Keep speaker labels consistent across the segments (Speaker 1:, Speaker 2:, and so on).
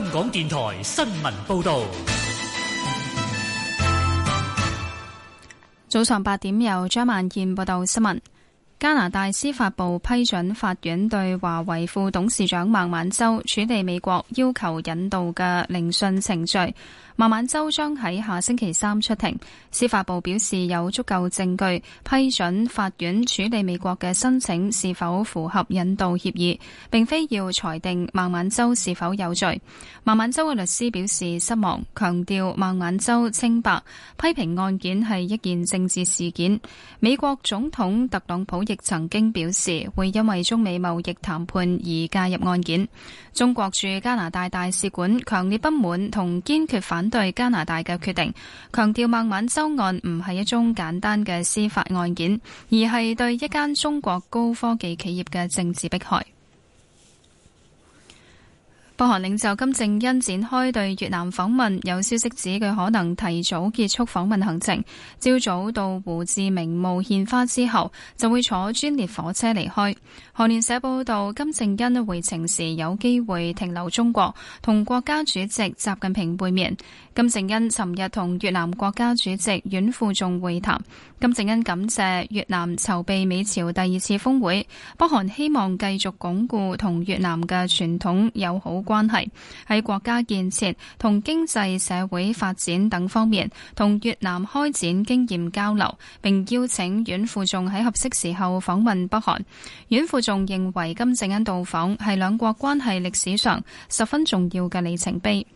Speaker 1: 香港電台新聞報道。
Speaker 2: 早上八點，由張曼燕報道新聞。加拿大司法部批准法院對華為副董事長孟晚舟處理美國要求引渡嘅聆訊程序，孟晚舟將喺下星期三出庭。司法部表示有足夠證據批准法院處理美國嘅申請是否符合引渡協議，並非要裁定孟晚舟是否有罪。孟晚舟嘅律師表示失望，強調孟晚舟清白，批評案件係一件政治事件。美國總統特朗普亦曾經表示會因為中美貿易談判而介入案件。中國駐加拿大大使館強烈不滿同堅決反對加拿大嘅決定，強調孟晚舟案唔係一宗簡單嘅司法案件，而係對一間中國高科技企業嘅政治迫害。北韓領袖金正恩展開對越南訪問，有消息指佢可能提早結束訪問行程，朝早到胡志明墓獻花之後，就會坐專列火車離開。韓聯社報道，金正恩回程時有機會停留中國，同國家主席習近平會面。金正恩尋日同越南國家主席阮富仲會談。金正恩感謝越南籌備美朝第二次峰會，北韓希望繼續鞏固同越南嘅傳統友好關係，喺國家建設同經濟社會發展等方面同越南開展經驗交流，並邀請阮富仲喺合適時候訪問北韓。阮富仲認為金正恩到訪係兩國關係歷史上十分重要嘅里程碑。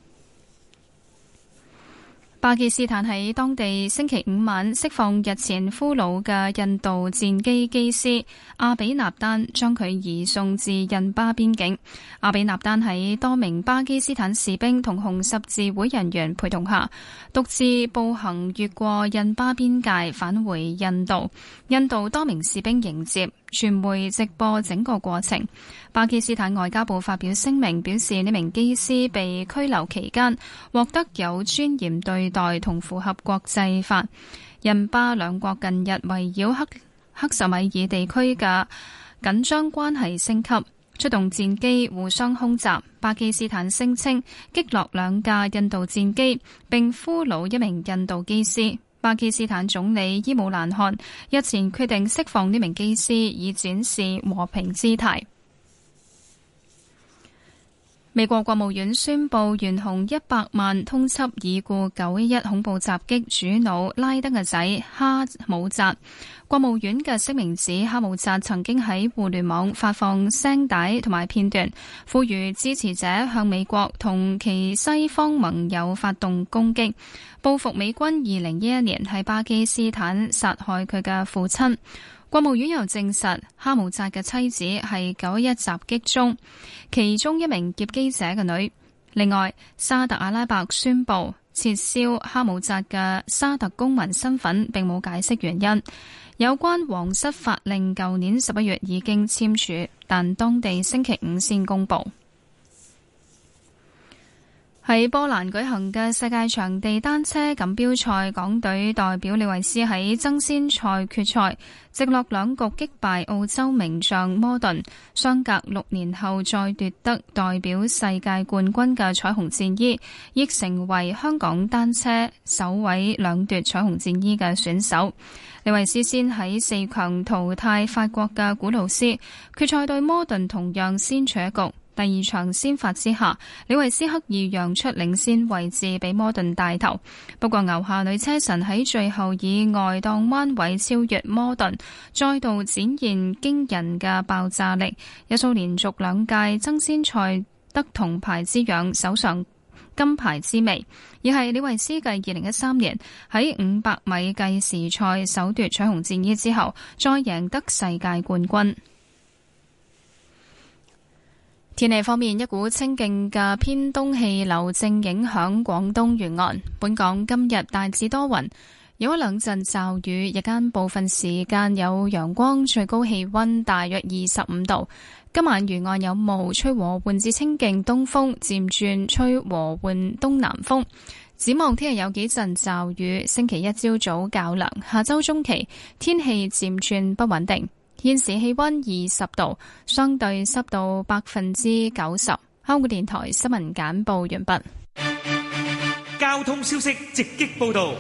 Speaker 2: 巴基斯坦喺當地星期五晚釋放日前俘虜嘅印度戰機機師阿比納丹，將佢移送至印巴邊境。阿比納丹喺多名巴基斯坦士兵同紅十字會人員陪同下，獨自步行越過印巴邊界返回印度。印度多名士兵迎接，傳媒直播整個過程。巴基斯坦外交部發表聲明表示，呢名機師被拘留期間獲得有尊嚴對待同符合國際法。印巴兩國近日圍繞克克什米爾地區嘅緊張關係升級，出動戰機互相空襲。巴基斯坦聲稱擊落兩架印度戰機並俘虜一名印度機師。巴基斯坦總理伊姆蘭汗日前決定釋放呢名機師，以展示和平姿態。美國國務院宣布懸紅一百萬通緝已故九一一恐怖襲擊主腦拉登嘅仔哈姆扎。國務院嘅聲明指，哈姆扎曾經喺互聯網發放聲帶同埋片段，呼籲支持者向美國同其西方盟友發動攻擊，報復美軍二零一一年喺巴基斯坦殺害佢嘅父親。國務院又證實哈姆扎嘅妻子係九一一襲擊中其中一名劫機者嘅女。另外，沙特阿拉伯宣布撤銷哈姆扎嘅沙特公民身份，並冇解釋原因。有關皇室法令，舊年十一月已經簽署，但當地星期五先公布。喺波蘭舉行嘅世界場地單車錦標賽，港隊代表李維斯喺爭先賽決賽直落兩局擊敗澳洲名將摩頓，相隔六年後再奪得代表世界冠軍嘅彩虹戰衣，亦成為香港單車首位兩奪彩虹戰衣嘅選手。李維斯先喺四強淘汰法國嘅古魯斯，決賽對摩頓同樣先取一局。第二場先發之下，李維斯刻意讓出領先位置俾摩頓帶頭。不過牛下女車神喺最後以外檔彎位超越摩頓，再度展現驚人嘅爆炸力，有數連續兩屆爭先賽得銅牌之樣，手上金牌之味，而係李維斯繼二零一三年喺五百米計時賽首奪彩虹戰衣之後，再贏得世界冠軍。天氣方面，一股清勁嘅偏東氣流正影響廣東沿岸。本港今日大致多雲，有一兩陣驟雨，日間部分時間有陽光，最高氣溫大約二十五度。今晚沿岸有霧，吹和緩至清勁東風，漸轉吹和緩東南風。展望聽日有幾陣驟雨，星期一朝早較涼。下周中期天氣漸轉不穩定。現時氣溫二十度，相對濕度百分之九十。香港電台新聞簡報完畢。
Speaker 1: 交通消息直擊報導。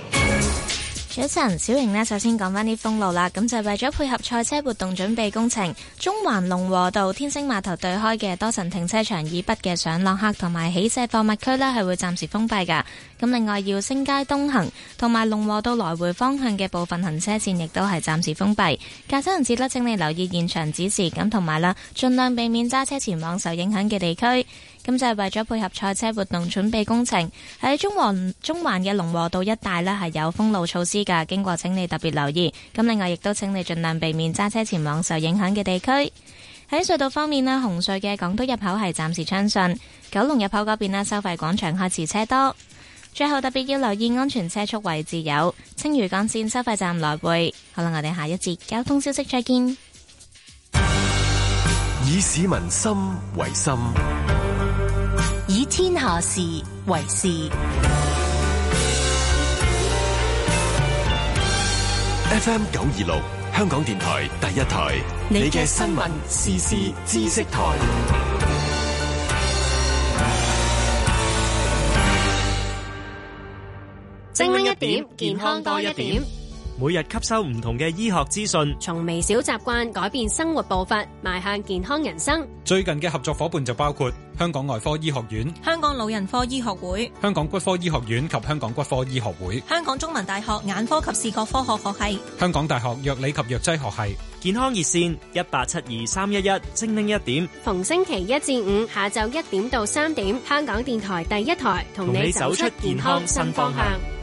Speaker 3: 早晨，小瑩呢，首先講翻啲封路啦。咁就為咗配合賽車活動準備工程，中環龍和道天星碼頭對開嘅多層停車場以北嘅上落客同埋起卸貨物區呢，係會暫時封閉噶。咁另外，耀星街東行同埋龍和道來回方向嘅部分行車線亦都係暫時封閉。駕駛人士呢，請你留意現場指示，咁同埋啦，盡量避免揸車前往受影響嘅地區。咁就係為咗配合賽車活動準備工程，喺中環中環嘅龍和道一帶呢係有封路措施噶。經過請你特別留意，咁另外亦都請你盡量避免揸車前往受影響嘅地區。喺隧道方面呢洪隧嘅港島入口係暫時暢順，九龍入口嗰邊呢收費廣場開始車多。最後特別要留意安全車速位置有青嶼幹線收費站來回。好啦，我哋下一節交通消息再見。
Speaker 4: 以市民心為心。
Speaker 3: 天下事為事
Speaker 4: ，FM 九二六香港電台第一台，你嘅新聞時事知識台，
Speaker 3: 精靈一點，健康多一點。
Speaker 5: 每日吸收唔同嘅醫學資訊，從
Speaker 3: 微小習慣改變生活步伐，邁向健康人生。
Speaker 1: 最近嘅合作伙伴就包括香港外科醫學院、
Speaker 3: 香港老人科醫學會、
Speaker 1: 香港骨科醫學院及香港骨科醫學會、
Speaker 3: 香港中文大學眼科及視覺科學學係、
Speaker 1: 香港大學藥理及藥劑學係。健康熱線一八七二三一一，311, 精靈一點，
Speaker 2: 逢星期一至五下晝一點到三點，香港電台第一台同你走出健康新方向。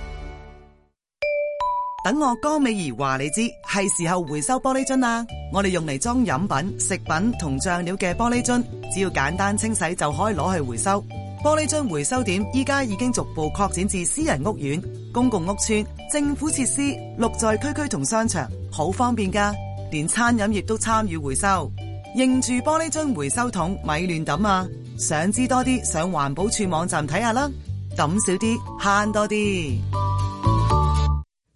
Speaker 3: 等我江美儀話你知，係時候回收玻璃樽啦！我哋用嚟裝飲品、食品同醬料嘅玻璃樽，只要簡單清洗就可以攞去回收。玻璃樽回收點依家已經逐步擴展至私人屋苑、公共屋邨、政府設施、綠在區區同商場，好方便噶。連餐飲業都參與回收，認住玻璃樽回收桶咪亂抌啊！想知多啲，上環保處網站睇下啦。抌少啲，慳多啲。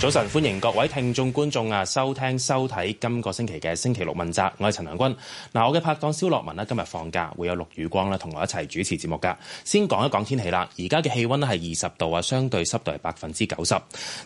Speaker 4: 早晨，歡
Speaker 5: 迎各位聽眾觀眾啊，收聽收睇今個星期嘅星期六問責，我係陳良君。嗱，我嘅拍檔蕭樂文今日放假，會有陸雨光同我一齊主持節目噶。先講一講天氣啦，而家嘅氣溫係二十度啊，相對濕度係百分之九十。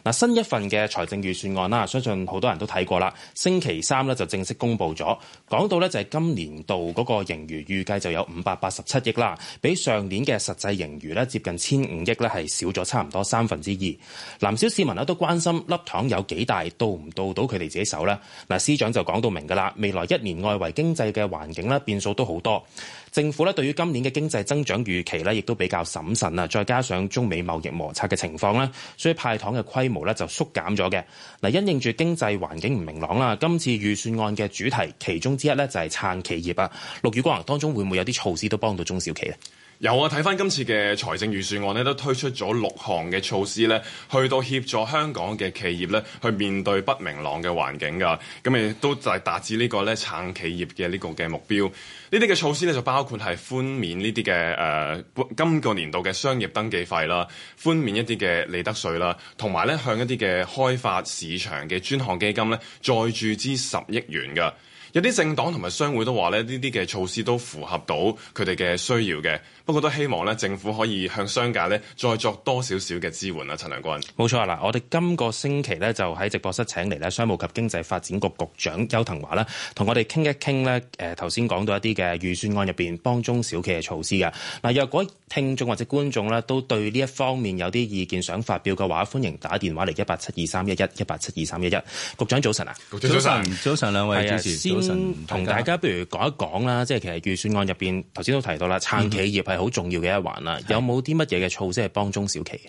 Speaker 5: 嗱，新一份嘅財政預算案啦，相信好多人都睇過啦。星期三呢就正式公布咗，講到呢就係今年度嗰個盈餘預計就有五百八十七億啦，比上年嘅實際盈餘呢接近千五億咧係少咗差唔多三分之二。南小市民咧都關心。粒糖有幾大，到唔到到佢哋自己手呢？嗱，司長就講到明噶啦，未來一年外圍經濟嘅環境咧，變數都好多。政府咧對於今年嘅經濟增長預期咧，亦都比較審慎啊。再加上中美貿易摩擦嘅情況咧，所以派糖嘅規模咧就縮減咗嘅。嗱，因應住經濟環境唔明朗啦，今次預算案嘅主題其中之一咧就係撐企業啊。六月光當中會唔會有啲措施都幫到中小企咧？
Speaker 4: 有啊，睇返今次嘅財政預算案咧，都推出咗六項嘅措施咧，去到協助香港嘅企業咧，去面對不明朗嘅環境㗎。咁亦都就係達至呢個咧撐企業嘅呢個嘅目標。呢啲嘅措施咧就包括係寬免呢啲嘅，誒今個年度嘅商業登記費啦，寬免一啲嘅利得稅啦，同埋咧向一啲嘅開發市場嘅專項基金咧再注資十億元噶。有啲政黨同埋商會都話咧，呢啲嘅措施都符合到佢哋嘅需要嘅，不過都希望咧政府可以向商界咧再作多少少嘅支援啦。陳良君冇錯啦，我哋今個星期咧就
Speaker 5: 喺直播室請嚟咧商務及經濟發展局局長邱騰華啦，同我哋傾一傾咧，誒頭先講到一啲嘅預算案入邊幫中小企嘅措施㗎嗱，若果聽眾或者觀眾咧都對呢一方面有啲意見想發表嘅話，歡迎打電話嚟一八七二三一一一八七二三一一。局長早晨啊，局長早晨。早晨。早晨，兩位主持早晨。同大家不如講一講啦，即係其實預算案入邊頭先都提到啦，撐企業係好重要嘅一環啦，嗯，有冇啲乜嘢嘅措施係幫中小企？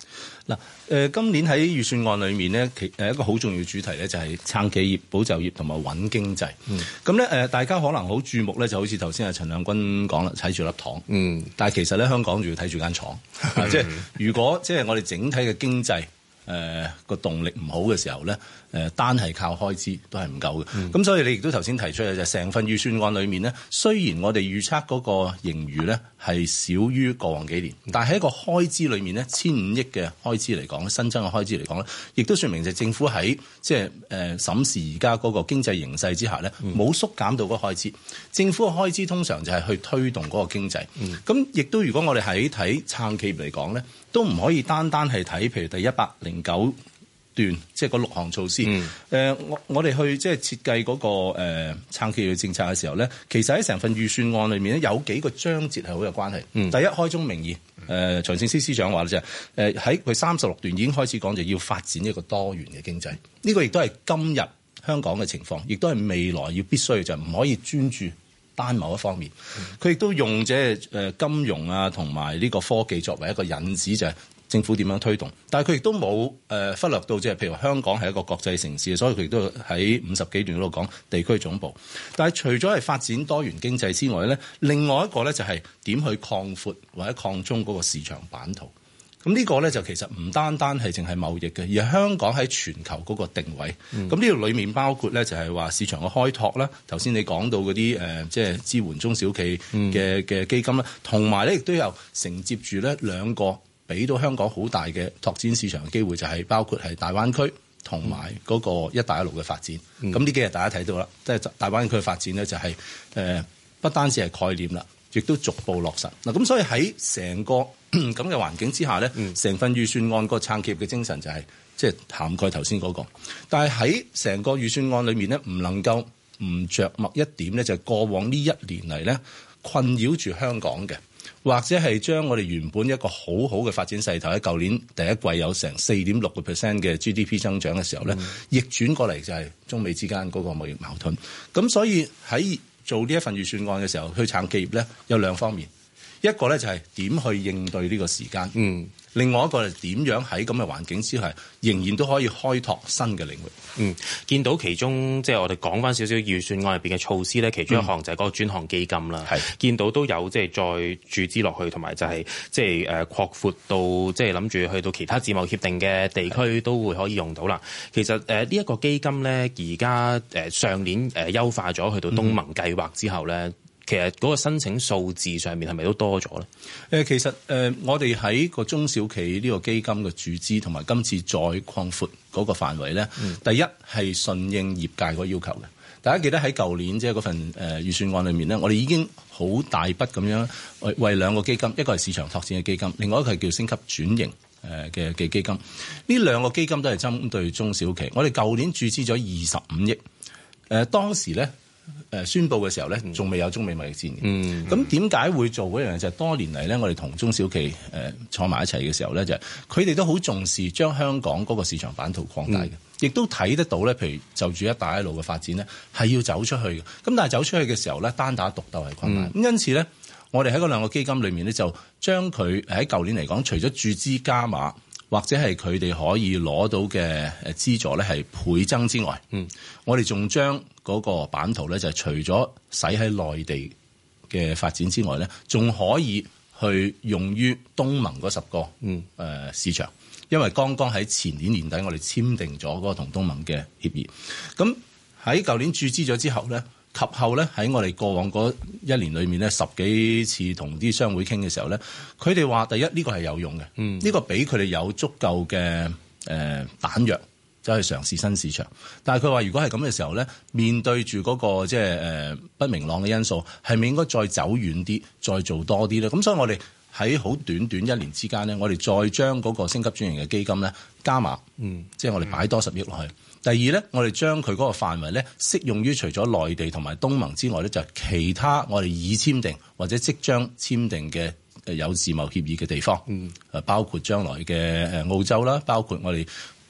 Speaker 5: 嗱，誒今年喺預算案裏面咧，其誒一個好
Speaker 6: 重要主題咧，就係撐企業、保就業同埋穩經濟。咁、嗯、咧，誒大家可能好注目咧，就好似頭先阿陳亮君講啦，踩住粒糖。嗯，但係其實咧，香港仲要睇住間廠。即 係如果即係我哋整體嘅經濟誒個、呃、動力唔好嘅時候咧。誒單係靠開支都係唔夠嘅，咁、嗯、所以你亦都頭先提出嘅就成、是、份預算案裏面咧，雖然我哋預測嗰個盈餘咧係少於過往幾年，但係喺一個開支裏面咧，千五億嘅開支嚟講，新增嘅開支嚟講咧，亦都說明就政府喺即係誒審視而家嗰個經濟形勢之下咧，冇縮減到個開支。政府嘅開支通常就係去推動嗰個經濟，咁、嗯、亦都如果我哋喺睇撐企業嚟講咧，都唔可以單單係睇譬如第一百零九。即係嗰六項措施，誒、嗯呃，我我哋去即係設計嗰個誒撐企業嘅政策嘅時候咧，其實喺成份預算案裏面咧，有幾個章節係好有關係、嗯。第一，開宗明義，誒、嗯，呃、財政司司長話咧就係，誒、呃，喺佢三十六段已經開始講，就要發展一個多元嘅經濟。呢個亦都係今日香港嘅情況，亦都係未來要必須就唔可以專注單某一方面。佢、嗯、亦都用即係誒金融啊，同埋呢個科技作為一個引子，就係。政府點樣推動，但係佢亦都冇誒忽略到，即係譬如香港係一個國際城市，所以佢亦都喺五十幾段嗰度講地區總部。但係除咗係發展多元經濟之外咧，另外一個咧就係點去擴闊或者擴充嗰個市場版圖，咁呢個咧就其實唔單單係淨係貿易嘅，而係香港喺全球嗰個定位。咁呢度裏面包括咧就係話市場嘅開拓啦。頭先你講到嗰啲誒即係支援中小企嘅嘅、嗯、基金啦，同埋咧亦都有承接住咧兩個。俾到香港好大嘅拓展市場嘅機會，就係、是、包括係大灣區同埋嗰個一帶一路嘅發展。咁、嗯、呢幾日大家睇到啦，即係大灣區發展咧、就是，就係誒不單止係概念啦，亦都逐步落實嗱。咁所以喺成個咁嘅環境之下咧，成、嗯、份預算案個撐企嘅精神就係即係涵蓋頭先嗰個，但係喺成個預算案裏面咧，唔能夠唔着墨一點咧，就係過往呢一年嚟咧困擾住香港嘅。或者係將我哋原本一個好好嘅發展勢頭，喺舊年第一季有成四點六個 percent 嘅 GDP 增長嘅時候咧，嗯，逆轉過嚟就係中美之間嗰個貿易矛盾。咁所以喺做呢一份預算案嘅時候，去撐企業咧有兩方面，一個咧就係點去應對呢個時間。
Speaker 5: 嗯。另外一個係點樣喺咁嘅環境之下，仍然都可以開拓新嘅領域。嗯，見到其中即係、就是、我哋講翻少少預算案入邊嘅措施咧，其中一項就係嗰個專項基金啦。係、嗯，見到都有即係、就是、再注資落去，同埋就係即係誒擴闊到即係諗住去到其他自貿協定嘅地區的都會可以用到啦。其實誒呢一個基金咧，而家誒上年誒、呃、優化咗去到了東盟計劃之後咧。嗯嗯其實嗰個申請數字上面係咪都多咗咧？誒，其實誒，我哋喺
Speaker 6: 個中小企呢個基金嘅注資同埋今次再擴闊嗰個範圍咧，嗯、第一係順應業界個要求嘅。大家記得喺舊年即係嗰份誒預算案裏面咧，我哋已經好大筆咁樣為兩個基金，一個係市場拓展嘅基金，另外一個係叫升級轉型誒嘅嘅基金。呢兩個基金都係針對中小企。我哋舊年注資咗二十五億，誒當時咧。誒宣佈嘅時候咧，仲未有中美貿易戰。嗯，咁點解會做嗰樣嘢？就係、是、多年嚟咧，我哋同中小企誒、呃、坐埋一齊嘅時候咧，就佢、是、哋都好重視將香港嗰個市場版圖擴大嘅，亦、嗯、都睇得到咧。譬如就住一帶一路嘅發展咧，係要走出去嘅。咁但係走出去嘅時候咧，單打獨鬥係困難。咁、嗯、因此咧，我哋喺嗰兩個基金裏面咧，就將佢喺舊年嚟講，除咗注資加碼。或者係佢哋可以攞到嘅誒資助咧，係倍增之外，嗯，我哋仲將嗰個版圖咧，就係除咗使喺內地嘅發展之外咧，仲可以去用於東盟嗰十個，嗯，誒市場，因為剛剛喺前年年底我哋簽訂咗嗰個同東盟嘅協議，咁喺舊年注資咗之後咧。及後咧，喺我哋過往嗰一年裏面咧，十幾次同啲商會傾嘅時候咧，佢哋話第一呢個係有用嘅，呢、嗯呢個俾佢哋有足夠嘅誒彈藥走去嘗試新市場。但係佢話如果係咁嘅時候咧，面對住嗰、嗰個即係誒不明朗嘅因素，係咪應該再走遠啲，再做多啲咧？咁所以我哋喺好短短一年之間咧，我哋再將嗰個升級轉型嘅基金咧加碼、嗯，即係我哋擺多十億落去。第二咧，我哋將佢嗰個範圍咧，適用於除咗內地同埋東盟之外咧，就係、其他我哋已簽訂或者即將簽訂嘅誒有自貿協議嘅地方，包括將來嘅誒澳洲啦，包括我哋。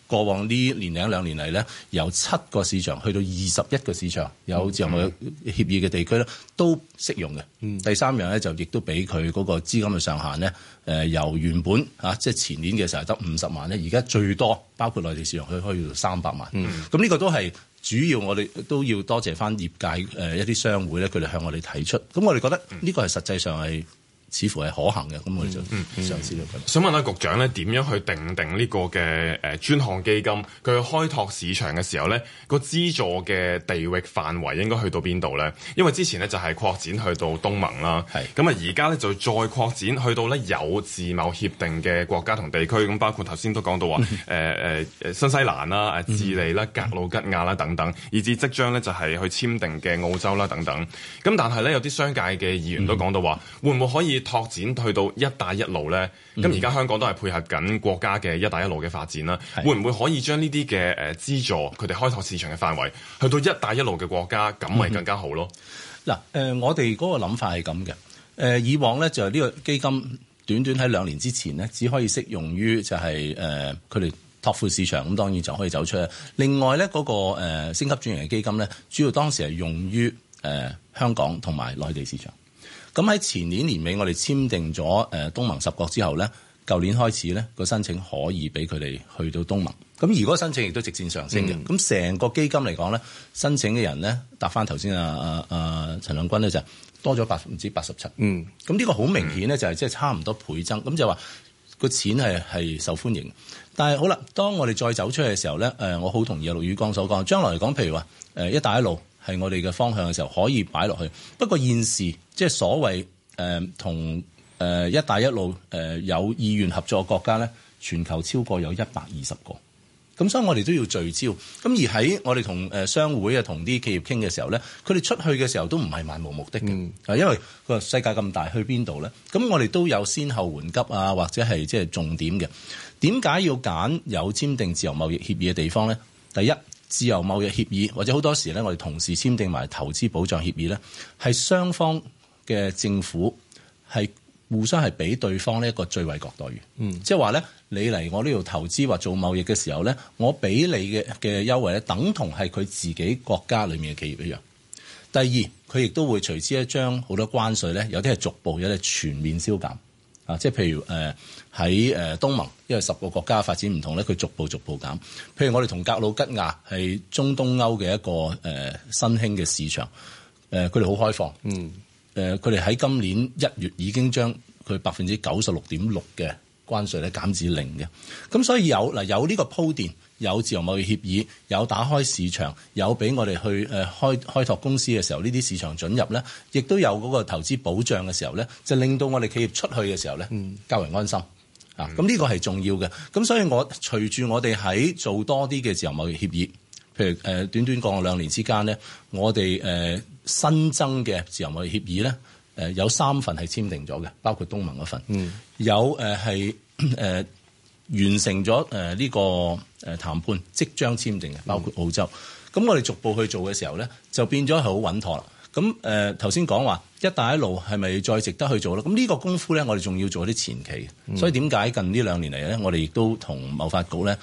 Speaker 6: 過往呢年兩兩年嚟咧，由七個市場去到二十一個市場，有自由貿易協議嘅地區咧、嗯，都適用嘅、嗯。第三樣咧就亦都俾佢嗰個資金嘅上限咧、呃，由原本啊即係、就是、前年嘅時候得五十萬咧，而家最多包括內地市場可以去到三百萬。咁、嗯、呢個都係主要我哋都要多謝翻業界誒一啲商會咧，佢哋向我哋提出。咁我哋覺得呢個係實際上係。似乎係可行嘅，咁、嗯、我哋就嘗試咗、嗯嗯
Speaker 4: 嗯、想問下局長咧點樣去定定呢個嘅誒專項基金？佢開拓市場嘅時候咧，個資助嘅地域範圍應該去到邊度咧？因為之前咧就係擴展去到東盟啦，係咁啊，而家咧就再擴展去到咧有自貿協定嘅國家同地區，咁包括頭先都講到話誒誒誒新西蘭啦、誒智利啦、嗯、格魯吉亞啦等等，以至即將咧就係去簽訂嘅澳洲啦等等。咁但係咧有啲商界嘅議員都講到話、嗯、會唔會可以？拓展去到“一帶一路”咧，咁而家香港都係配合緊國家嘅“一帶一路”嘅發展啦、嗯。會唔會可以將呢啲嘅誒資助佢哋開拓市場嘅範圍，去到“一帶一路”嘅國家，咁咪更加好咯？嗱、嗯，誒、嗯嗯，我
Speaker 6: 哋嗰個諗法係咁嘅。誒，以往咧就係呢個基金短短喺兩年之前咧，只可以適用於就係誒佢哋托富市場，咁當然就可以走出。另外咧、嗰個誒、呃、升級轉型嘅基金咧，主要當時係用於誒、呃、香港同埋內地市場。咁喺前年年尾，我哋簽訂咗誒東盟十國之後咧，舊年開始咧，個申請可以俾佢哋去到東盟。咁而個申請亦都直線上升嘅。咁、嗯、成個基金嚟講咧，申請嘅人咧，答翻頭先啊啊啊陳亮君咧就是，多咗百分之八十七，嗯，咁呢個好明顯咧，就係即係差唔多倍增，咁就話個錢係係受歡迎。但係好啦，當我哋再走出去嘅時候咧，誒我好同意陸宇剛所講，將來嚟講，譬如話誒一帶一路係我哋嘅方向嘅時候，可以擺落去。不過現時即係所謂誒同誒一帶一路誒、呃、有意願合作嘅國家咧，全球超過有一百二十個。咁所以我哋都要聚焦。咁而喺我哋同誒商會啊、同啲企業傾嘅時候咧，佢哋出去嘅時候都唔係漫無目的嘅。啊、嗯，因為個世界咁大，去邊度咧？咁我哋都有先後緩急啊，或者係即係重點嘅。點解要揀有簽訂自由貿易協議嘅地方咧？第一，自由貿易協議或者好多時咧，我哋同時簽訂埋投資保障協議咧，係雙方。嘅政府係互相係俾對方呢一個最惠國待遇，嗯，即係話咧，你嚟我呢度投資或做貿易嘅時候咧，我俾你嘅嘅優惠咧，等同係佢自己國家裡面嘅企業一樣。第二，佢亦都會隨之一將好多關稅咧，有啲係逐步，有啲係全面消減啊。即係譬如誒喺誒東盟，因為十個國家發展唔同咧，佢逐步逐步減。譬如我哋同格魯吉亞係中東歐嘅一個誒、呃、新興嘅市場，誒佢哋好開放，嗯。誒，佢哋喺今年一月已經將佢百分之九十六點六嘅關稅咧減至零嘅，咁所以有嗱有呢個鋪墊，有自由貿易協議，有打開市場，有俾我哋去誒開開拓公司嘅時候，呢啲市場准入咧，亦都有嗰個投資保障嘅時候咧，就令到我哋企業出去嘅時候咧，較為安心、嗯、啊。咁呢個係重要嘅，咁所以我隨住我哋喺做多啲嘅自由貿易協議。譬如短短過兩年之間咧，我哋新增嘅自由貿易協議咧，有三份係簽訂咗嘅，包括東盟嗰份，嗯、有係、呃、完成咗呢個誒談判，即將簽訂嘅，包括澳洲。咁、嗯、我哋逐步去做嘅時候咧，就變咗係好穩妥啦。咁誒頭先講話。一帶一路係咪再值得去做咧？咁呢個功夫咧，我哋仲要做啲前期。嗯、所以點解近呢兩年嚟咧，我哋亦都同貿發局咧，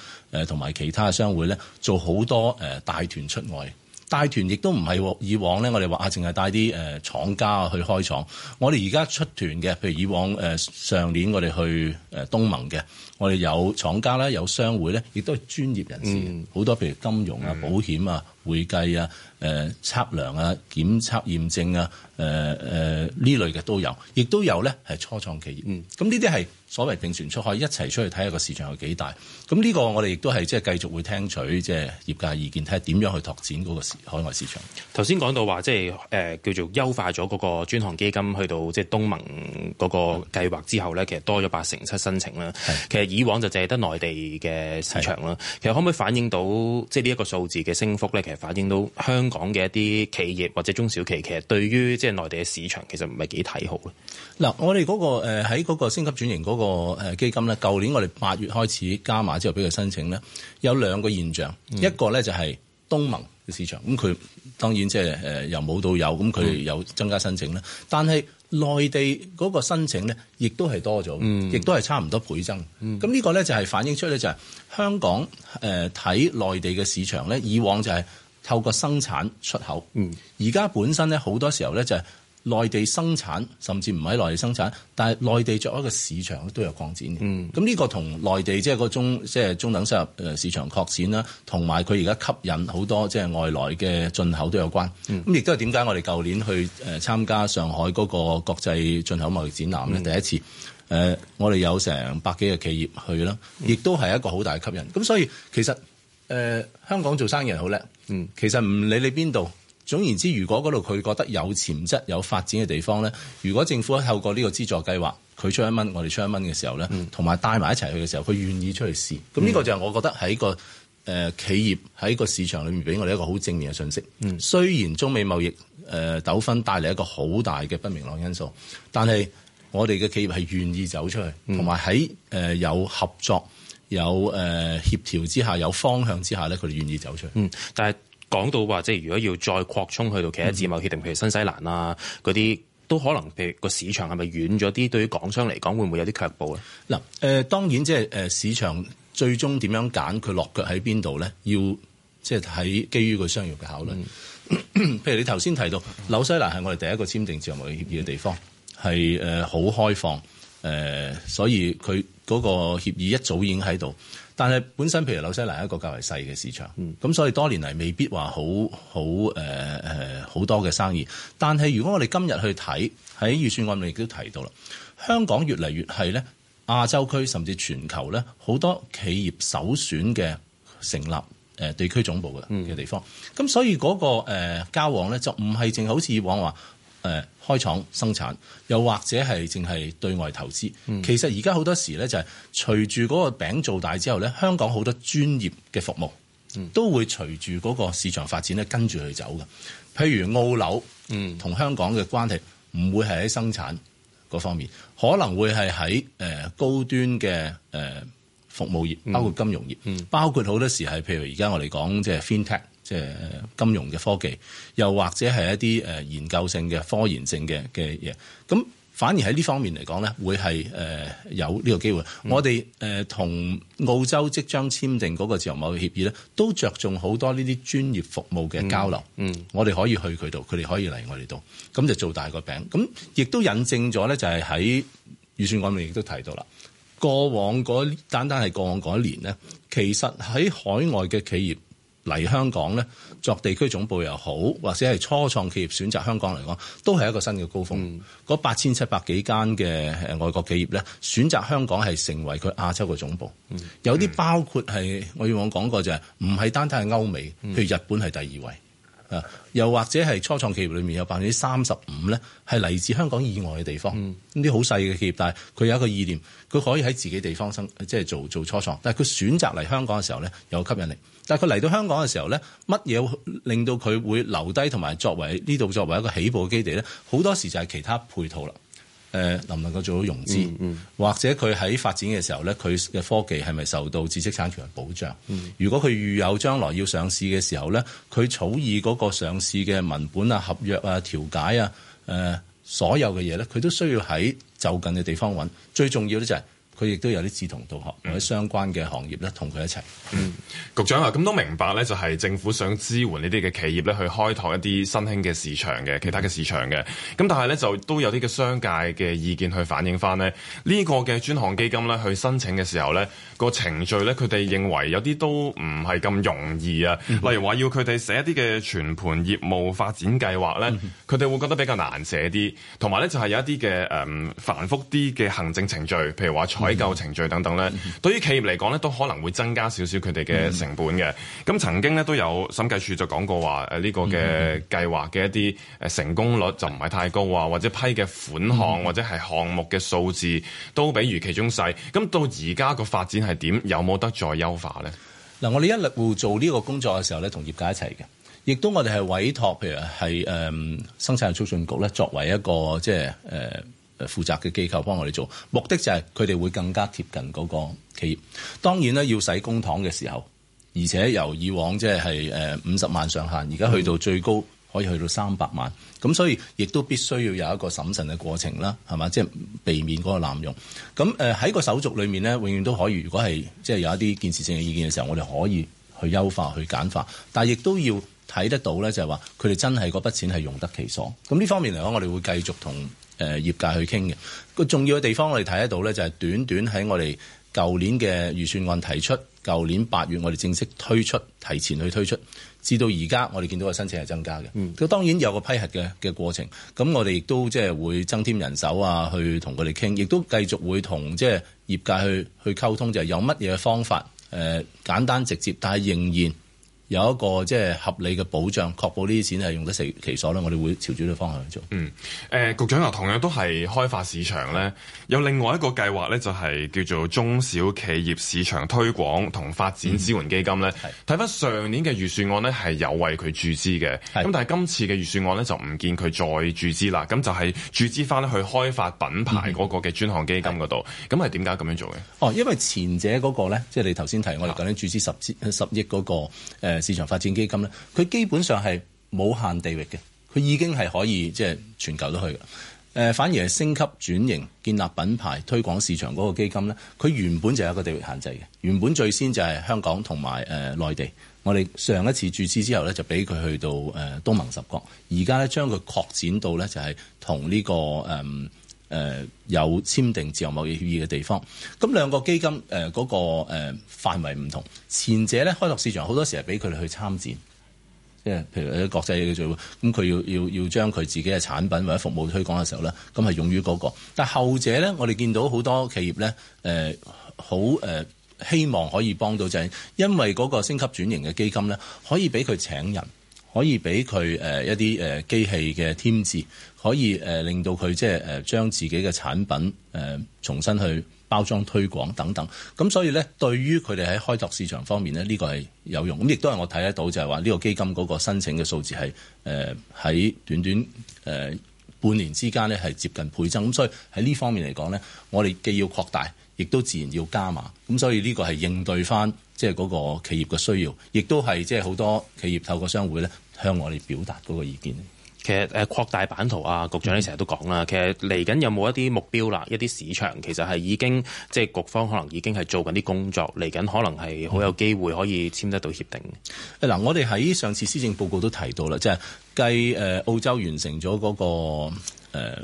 Speaker 6: 同、呃、埋其他嘅商會咧，做好多誒帶、呃、團出外。帶團亦都唔係以往咧，我哋話啊，淨係帶啲誒、呃、廠家啊去開廠。我哋而家出團嘅，譬如以往、呃、上年我哋去誒、呃、東盟嘅，我哋有廠家啦，有商會咧，亦都係專業人士，好、嗯、多譬如金融啊、嗯、保險啊、會計啊、誒、呃、測量啊、檢測驗證啊、誒誒呢類嘅都有，亦都有咧係初創企業嗯，咁呢啲係所謂並船出海，一齊出去睇下個市場有幾大。咁、這、呢個我哋亦都係即係繼續會聽取即係業界嘅意見，睇下點樣去拓展嗰個海外市場。
Speaker 5: 頭先講到話即係誒、呃、叫做優化咗嗰個專項基金去到即係東盟嗰個計劃之後咧，其實多咗八成七申請啦。係，其實以往就淨係得內地嘅市場啦。其實可唔可以反映到即係呢一個數字嘅升幅咧？其實反映到香港嘅一啲企業或者中小企，其實對於即係內地嘅市場，其實唔係幾睇好咯。
Speaker 6: 嗱，我哋嗰、嗰個誒喺嗰個升級轉型嗰個誒基金咧，舊年我哋八月開始加碼之後，俾佢申請咧，有兩個現象，嗯、一個咧就係東盟嘅市場，咁佢當然即係誒由冇到有，咁佢有增加申請咧，但係內地嗰個申請咧，亦、嗯、都係多咗，亦都係差唔多倍增。咁、嗯、呢個咧就係反映出咧，就係、係、香港誒睇、呃、內地嘅市場咧，以往就係、係。透過生產出口，而家本身咧好多時候咧就係內地生產，甚至唔喺內地生產，但係內地作為一個市場都有擴展。嗯，咁呢個同內地即係、就是、個中即係、就是、中等收入誒市場擴展啦，同埋佢而家吸引好多即係外來嘅進口都有關。咁、嗯、亦都係點解我哋舊年去誒參加上海嗰個國際進口貿易展覽咧、嗯？第一次誒，我哋有成百幾個企業去啦，亦都係一個好大嘅吸引。咁所以其實誒、呃，香港做生意係好叻。嗯，其實唔理你邊度，總言之，如果嗰度佢覺得有潛質、有發展嘅地方咧，如果政府透過呢個資助計劃，佢出一蚊，我哋出一蚊嘅時候咧，同埋帶埋一齊去嘅時候，佢、嗯、願意出去試，咁、嗯、呢個就係我覺得喺個誒、呃、企業喺個市場裏面俾我哋一個好正面嘅信息、嗯。雖然中美貿易誒、呃、糾紛帶嚟一個好大嘅不明朗因素，但係我哋嘅企業係願意走出去，同埋喺誒有合作。有誒、呃、協調之下，有方向之下咧，佢哋願意走出去。嗯，
Speaker 5: 但係講到話，即係如果要再擴充去到其他自由貿易協定、嗯，譬如新西蘭啊嗰啲，都可能譬如個市場係咪遠咗啲？對於港商嚟講，會唔會有啲卻步咧？
Speaker 6: 嗱、嗯，誒、呃、當然即係誒市場最終點樣揀，佢落腳喺邊度咧？要即係喺基於個商業嘅考慮、嗯。 譬如你頭先提到紐西蘭係我哋第一個簽訂自由貿易協議嘅地方，係誒好開放。誒、呃，所以佢嗰個協議一早已經喺度，但係本身譬如紐西蘭一個較為細嘅市場，咁、嗯、所以多年嚟未必話好好誒誒好多嘅生意。但係如果我哋今日去睇喺預算案裏亦都提到啦，香港越嚟越係咧亞洲區甚至全球咧好多企業首選嘅成立誒、呃、地區總部嘅嘅地方。咁、嗯、所以嗰、嗰個誒、呃、交往咧就唔係淨係好似以往話。誒，開廠生產，又或者係淨係對外投資、嗯。其實而家好多時呢，就係隨住嗰個餅做大之後呢，香港好多專業嘅服務、嗯、都會隨住嗰個市場發展呢跟住去走嘅。譬如澳紐，嗯，同香港嘅關係唔會係喺生產嗰方面，可能會係喺誒高端嘅誒服務業，包括金融業，嗯嗯、包括好多時係譬如而家我哋講即係 FinTech。即係金融嘅科技，又或者係一啲誒研究性嘅、科研性嘅嘅嘢。咁反而喺呢方面嚟講咧，會係誒有呢個機會。嗯、我哋誒同澳洲即將簽訂嗰個自由貿易協議咧，都着重好多呢啲專業服務嘅交流。嗯，嗯我哋可以去佢度，佢哋可以嚟我哋度，咁就做大個餅，咁亦都引證咗咧，就係喺預算案裏面亦都提到啦。單單過往嗰單單係過往嗰一年咧，其實喺海外嘅企業。嚟香港咧，作地區總部又好，或者係初創企業選擇香港嚟講，都係一個新嘅高峰。嗰八千七百幾間嘅外國企業咧，選擇香港係成為佢亞洲嘅總部。嗯、有啲包括係我以往講過、就係，就係唔係單單係歐美，譬、嗯、如日本係第二位啊。又或者係初創企業裏面有百分之三十五咧，係嚟自香港以外嘅地方。呢啲好細嘅企業，但係佢有一個意念，佢可以喺自己地方生即係做做初創，但係佢選擇嚟香港嘅時候咧，有吸引力。但佢嚟到香港嘅時候咧，乜嘢令到佢會留低同埋作為呢度作為一個起步嘅基地咧？好多時就係其他配套啦。誒、呃，能唔能夠做到融資？嗯，嗯，或者佢喺發展嘅時候咧，佢嘅科技係咪受到知識產權嘅保障？嗯，如果佢預有將來要上市嘅時候咧，佢草擬嗰個上市嘅文本啊、合約啊、調解啊、誒、呃、所有嘅嘢咧，佢都需要喺就近嘅地方揾。最重要咧就係。佢亦都有啲志同道合，有、嗯、啲相關嘅行業咧，同佢一齊。嗯，
Speaker 4: 局長啊，咁都明白咧，就係、是、政府想支援呢啲嘅企業咧，去開拓一啲新興嘅市場嘅，其他嘅市場嘅。咁但係咧，就都有啲嘅商界嘅意見去反映翻咧，呢、這個嘅專項基金咧，去申請嘅時候咧，個程序咧，佢哋認為有啲都唔係咁容易啊。嗯、例如話要佢哋寫一啲嘅全盤業務發展計劃咧，佢、嗯、哋會覺得比較難寫啲，同埋咧就係有一啲嘅誒繁複啲嘅行政程序，譬如話。挽救程序等等咧，對於企業嚟講咧，都可能會增加少少佢哋嘅成本嘅。咁、嗯、曾經咧都有審計署就講過話誒呢個嘅計劃嘅一啲誒成功率就唔係太高啊，或者批嘅款項、嗯、或者係項目嘅數字都比預期中細。咁到而家個發展係點？有冇得再優化咧？嗱，我哋一力做呢個工作嘅時候咧，同業
Speaker 6: 界一齊嘅，亦都我哋係委託譬如係誒生產力促進局咧，作為一個即係誒。呃誒負責嘅機構幫我哋做，目的就係佢哋會更加貼近嗰個企業。當然咧，要使公帑嘅時候，而且由以往即係誒五十萬上限，而家去到最高可以去到三百萬。咁、嗯、所以亦都必須要有一個審慎嘅過程啦，係嘛？即係避免嗰個濫用。咁誒喺個手續裏面咧，永遠都可以。如果係即係有一啲建設性嘅意見嘅時候，我哋可以去優化、去簡化，但係亦都要睇得到咧，就係話佢哋真係嗰筆錢係用得其所。咁呢方面嚟講，我哋會繼續同。誒業界去傾嘅個重要嘅地方，我哋睇得到咧，就係短短喺我哋舊年嘅預算案提出，舊年八月我哋正式推出，提前去推出，至到而家我哋見到個申請係增加嘅。嗯，佢當然有個批核嘅嘅過程，咁我哋亦都即係會增添人手啊，去同佢哋傾，亦都繼續會同即係業界去去溝通，就係有乜嘢方法誒簡單直接，但係仍然。有一個即係合理嘅保障，確保呢啲錢係用得其其所啦，我哋會朝住呢方向去做。嗯，
Speaker 4: 誒、呃、局長又同樣都係開發市場咧，有另外一個計劃咧，就係、是、叫做中小企業市場推廣同發展支援基金咧。係睇翻上年嘅預算案咧，係有為佢注資嘅。咁，但係今次嘅預算案咧就唔見佢再注資啦。咁就係注資翻去開發品牌嗰個嘅專項基金嗰度。咁係點解咁樣做嘅？哦，因
Speaker 6: 為前者嗰個咧，即係你頭先提我哋講緊注資十十億嗰、那個、呃市場發展基金咧，佢基本上係冇限地域嘅，佢已經係可以即係、就是，全球都去嘅。誒，反而係升級轉型、建立品牌、推廣市場嗰個基金咧，佢原本就有一個地域限制嘅。原本最先就係香港同埋誒內地，我哋上一次注資之後咧，就俾佢去到誒、呃、東盟十國。而家咧將佢擴展到咧就係同呢個誒。呃誒、呃、有簽訂自由貿易協議嘅地方，咁兩個基金誒嗰、呃那個誒、呃、範圍唔同。前者咧開拓市場，好多時係俾佢哋去參展，即係譬如喺國際嘅聚會，咁佢要要要將佢自己嘅產品或者服務推廣嘅時候咧，咁係用於嗰、那個。但後者咧，我哋見到好多企業咧，誒、呃、好、呃、希望可以幫到就係因為嗰個升級轉型嘅基金咧，可以俾佢請人，可以俾佢誒一啲誒機器嘅添置。可以誒令到佢即係誒將自己嘅產品誒重新去包裝推廣等等，咁所以呢，對於佢哋喺開拓市場方面呢，呢、呢個係有用。咁亦都係我睇得到就係話，就係話呢個基金嗰個申請嘅數字係誒喺短短誒半年之間呢係接近倍增。咁所以喺呢方面嚟講呢，我哋既要擴大，亦都自然要加碼。咁所以呢個係應對翻即係嗰個企業嘅需要，亦都係即係好多企業透過商會呢，向我哋表達嗰個意見。
Speaker 5: 其實誒擴大版圖啊，局長你成日都講啦，嗯。其實嚟緊有冇一啲目標啦，嗯？一啲市場其實係已經即係、就是、局方可能已經係做緊啲工作，嚟緊可能係好有機會可以簽得到協定嘅。嗱，嗯嗯嗯，我哋喺
Speaker 6: 上次施政報告都提到啦，即係繼誒澳洲完成咗嗰、那個誒、呃、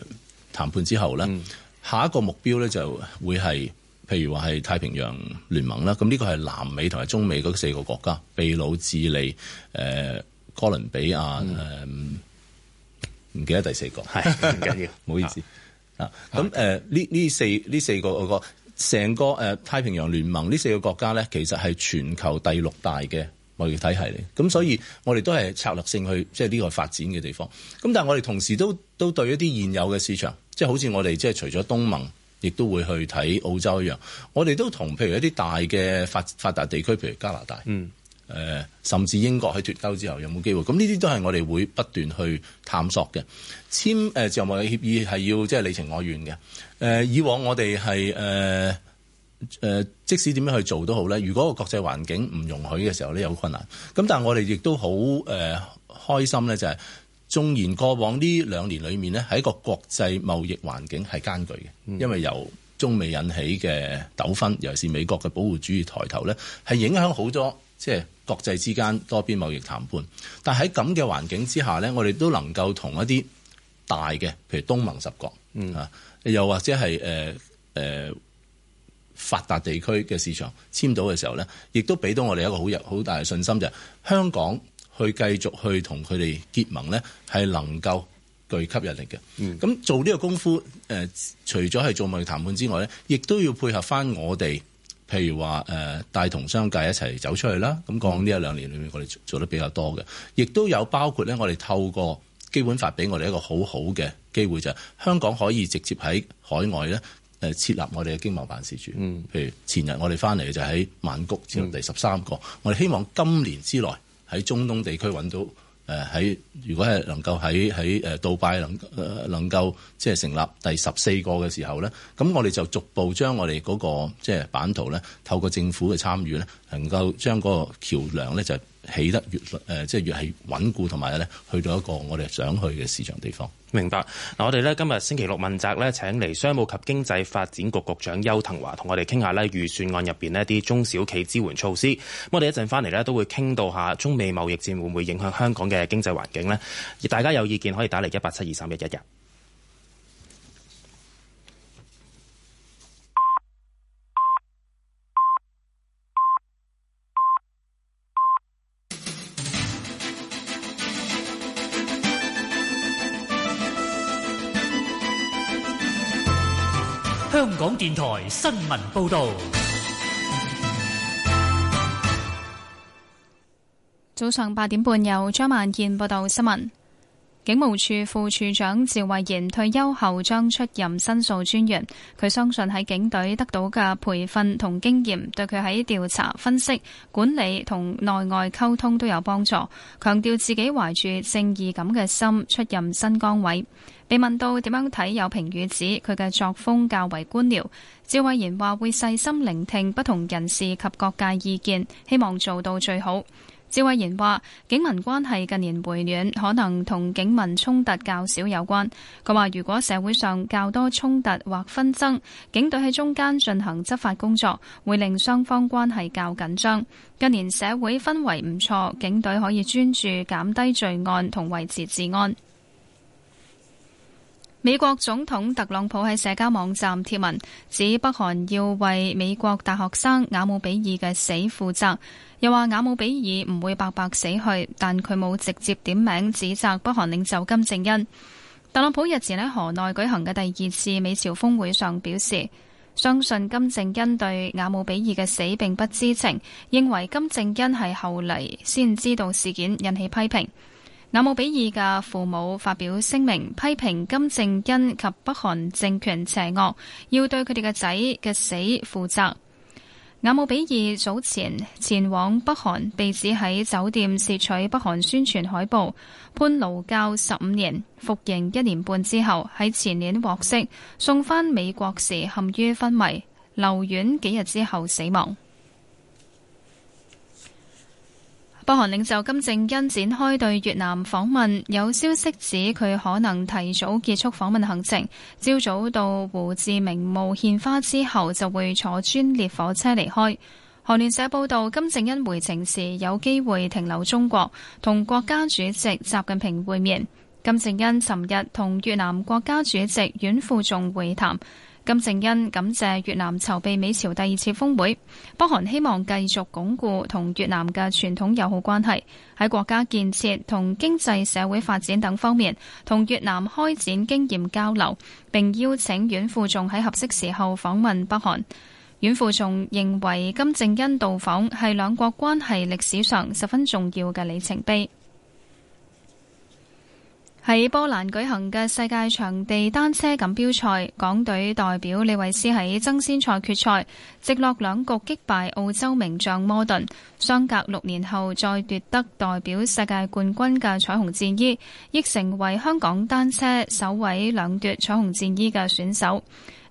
Speaker 6: 談判之後咧，下一個目標咧就會係譬如話係太平洋聯盟啦。咁呢個係南美同埋中美嗰四個國家，秘魯、智利、誒、呃、哥倫比亞、誒、嗯。唔記得第四個，係唔緊要，唔 好意思啊。咁呃呢呢四呢四個個成個、呃、太平洋聯盟呢四個國家咧，其實係全球第六大嘅貿易體系嚟。咁所以我哋都係策略性去即係呢個發展嘅地方。咁但係我哋同時都都對一啲現有嘅市場，即係好似我哋即係除咗東盟，亦都會去睇澳洲一樣。我哋都同譬如一啲大嘅發發達地區，譬如加拿大，嗯。誒，甚至英國喺脱歐之後有冇機會？咁呢啲都係我哋會不斷去探索嘅。簽誒自由貿易協議係要即係你情我願嘅。誒以往我哋係誒誒，即使點樣去做都好咧。如果個國際環境唔容許嘅時候咧，有困難。咁但係我哋亦都好誒開心咧、就係，就係縱然過往呢兩年裏面呢，喺個國際貿易環境係艱巨嘅，因為由中美引起嘅糾紛，尤其是美國嘅保護主義抬頭咧，係影響好多即係。就係國際之間多邊貿易談判，但喺咁嘅環境之下咧，我哋都能夠同一啲大嘅，譬如東盟十國啊、嗯，又或者係誒誒發達地區嘅市場，簽到嘅時候咧，亦都俾到我哋一個好有好大嘅信心，就係、是、香港去繼續去同佢哋結盟咧，係能夠具吸引力嘅。咁、嗯、做呢個功夫，誒、呃、除咗係做貿易談判之外咧，亦都要配合翻我哋。譬如話誒，帶同商界一齊走出去啦，咁講呢一兩年裏面我哋做得比較多嘅，亦都有包括咧，我哋透過基本法俾我哋一個好好嘅機會，就係香港可以直接喺海外咧誒設立我哋嘅經貿辦事處。嗯，譬如前日我哋翻嚟就喺曼谷設立、就係、第十三個，我哋希望今年之內喺中東地區揾到。誒、呃、喺如果係能夠喺喺誒杜拜能、呃、能夠即係成立第十四個嘅時候咧，咁我哋就逐步將我哋嗰、那個即係、就是、版圖咧，透過政府嘅參與咧，能夠將嗰個橋梁咧就。起得越誒、呃，即係越係穩固，同埋咧，去到一個我哋想去嘅市場地方。
Speaker 5: 明白嗱，我哋呢今日星期六問責呢請嚟商務及經濟發展局局長邱騰華同我哋傾下咧預算案入面一啲中小企支援措施。咁我哋一陣翻嚟呢都會傾到下中美貿易戰會唔會影響香港嘅經濟環境呢，而大家有意見可以打嚟一八七二三一一一。
Speaker 1: 電台新聞報道。
Speaker 2: 早上八點半，由張萬健報道新聞。警務處副處長趙慧賢退休後將出任申訴專員，佢相信喺警隊得到嘅培訓同經驗，對佢喺調查、分析、管理同內外溝通都有幫助。強調自己懷住正義感嘅心出任新崗位。被問到點樣睇有評語指佢嘅作風較為官僚，趙慧賢話會細心聆聽不同人士及各界意見，希望做到最好。趙慧賢話：警民關係近年回暖，可能同警民衝突較少有關。佢話：如果社會上較多衝突或紛爭，警隊喺中間進行執法工作，會令雙方關係較緊張。近年社會氛圍唔錯，警隊可以專注減低罪案同維持治安。美國總統特朗普喺社交網站貼文，指北韓要為美國大學生雅姆比爾嘅死負責。又話瓦姆比爾唔會白白死去，但佢冇直接點名指責北韓領袖金正恩。特朗普日前喺河內舉行嘅第二次美朝峰會上表示，相信金正恩對瓦姆比爾嘅死並不知情，認為金正恩係後嚟先知道事件，引起批評。瓦姆比爾嘅父母發表聲明，批評金正恩及北韓政權邪惡，要對佢哋嘅仔嘅死負責。雅姆比爾早前前往北韓，被指喺酒店竊取北韓宣傳海報，判勞教十五年，服刑一年半之後，喺前年獲釋，送返美國時陷於昏迷，留院幾日之後死亡。北韓領袖金正恩展開對越南訪問，有消息指佢可能提早結束訪問行程。朝早到胡志明墓獻花之後，就會坐專列火車離開。韓聯社報道，金正恩回程時有機會停留中國，同國家主席習近平會面。金正恩尋日同越南國家主席阮富仲會談。金正恩感謝越南籌備美朝第二次峰會，北韓希望繼續鞏固同越南嘅傳統友好關係，喺國家建設同經濟社會發展等方面同越南開展經驗交流，並邀請阮富仲喺合適時候訪問北韓。阮富仲認為金正恩到訪係兩國關係歷史上十分重要嘅里程碑。喺波蘭舉行嘅世界場地單車錦標賽，港隊代表李慧詩喺爭先賽決賽，直落兩局擊敗澳洲名將摩頓，相隔六年後再奪得代表世界冠軍嘅彩虹戰衣，亦成為香港單車首位兩奪彩虹戰衣嘅選手。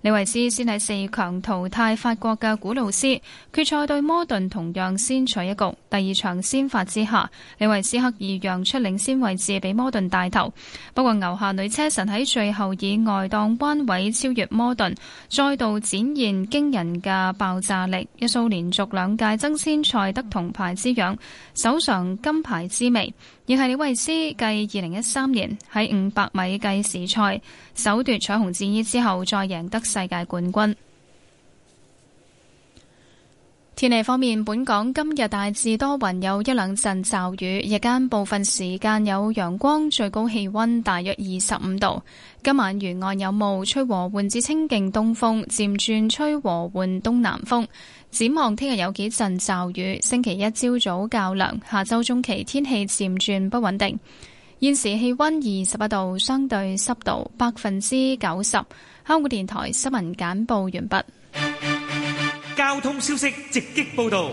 Speaker 2: 李維斯先喺四強淘汰法國嘅古魯斯，決賽對摩頓同樣先取一局。第二場先發之下，李維斯刻意讓出領先位置俾摩頓帶頭。不過，牛下女車神喺最後以外檔彎位超越摩頓，再度展現驚人嘅爆炸力，一掃連續兩屆爭先賽得銅牌之樣，首嘗金牌滋味。而係李慧詩繼二零一三年喺五百米計時賽首奪彩虹戰衣之後，再贏得世界冠軍。天氣方面，本港今日大致多雲，有一兩陣驟雨，日間部分時間有陽光，最高氣温大約二十五度。今晚沿岸有霧，吹和緩至清勁東風，漸轉吹和緩東南風。展望聽日有幾陣驟雨，星期一朝早較涼，下周中期天氣漸轉不穩定。現時氣溫二十八度，相對濕度百分之九十。香港電台新聞簡報完畢。
Speaker 1: 交通消息直擊報道。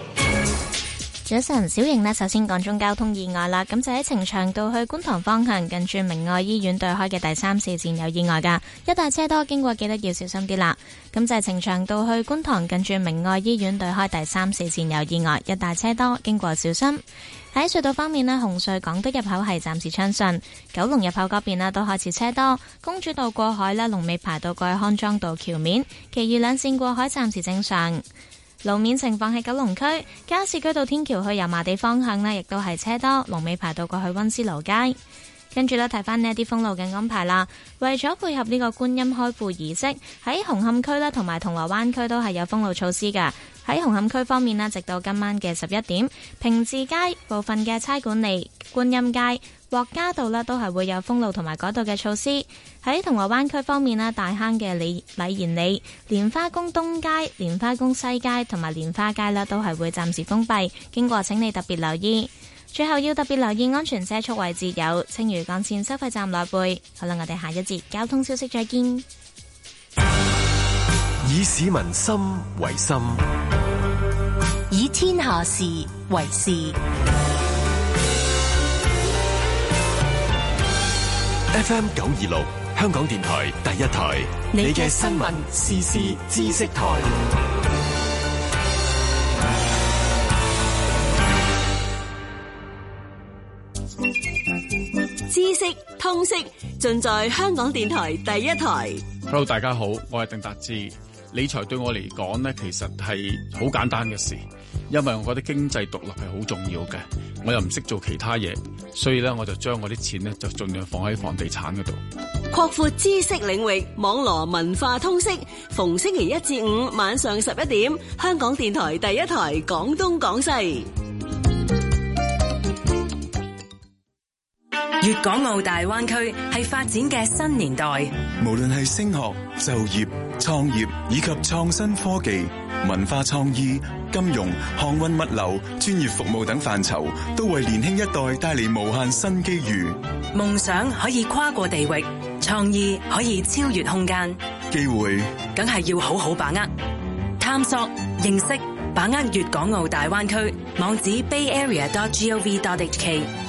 Speaker 3: 早晨，小瑩呢，首先講中交通意外啦。咁就喺呈祥道去觀塘方向，近住明愛醫院對開嘅第三四線有意外㗎，一大車多，經過記得要小心啲啦。咁就係呈祥道去觀塘，近住明愛醫院對開第三四線有意外，一大車多，經過小心。喺隧道方面呢，紅隧港都入口係暫時暢順，九龍入口嗰邊都開始車多。公主道過海呢，龍尾排到過去康莊道橋面，其餘兩線過海暫時正常。路面情況喺九龍區，加士居道天橋去油麻地方向呢亦都係車多，龍尾排到過去溫斯勞街。跟住咧，睇翻呢一啲封路嘅安排啦。為咗配合呢個觀音開庫儀式，喺紅磡區咧同埋銅鑼灣區都係有封路措施嘅。喺紅磡區方面呢，直到今晚嘅十一點，平治街部分嘅差館里、觀音街、獲嘉道呢都係會有封路同埋改道嘅措施。喺銅鑼灣區方面呢，大坑嘅禮賢里、蓮花宮東街、蓮花宮西街同埋蓮花街呢都係會暫時封閉，經過，請你特別留意。最後要特別留意安全車速位置，有青嶼幹線收費站內背，好啦，我哋下一節交通消息再見。
Speaker 4: 以市民心為心，
Speaker 3: 以天下事為事。
Speaker 4: FM 九二六，香港電台第一台，你嘅新聞、時事、知識台。
Speaker 3: 東西盡在香港電台第一台。
Speaker 4: Hello，大家好，我係鄧達志。理財對我嚟講咧，其實係好簡單嘅事，因為我覺得經濟獨立係好重要嘅。我又唔識做其他嘢，所以咧我就將我啲錢咧就盡量放喺房地產嗰度。
Speaker 3: 擴闊知識領域，網羅文化通識。逢星期一至五晚上十一點，香港電台第一台講東講西。
Speaker 1: 粵港澳大灣區係發展嘅新年代，
Speaker 4: 無論係升學、就業、創業以及創新科技、文化創意、金融、航溫物流航運、物流、專業服務等範疇、都為年輕一代帶嚟無限新機遇。
Speaker 1: 夢想可以跨過地域，創意可以超越空間，機會梗係要好好把握。探索、認識、
Speaker 3: 把握粵港澳大灣區，網址：bayarea.gov.hk。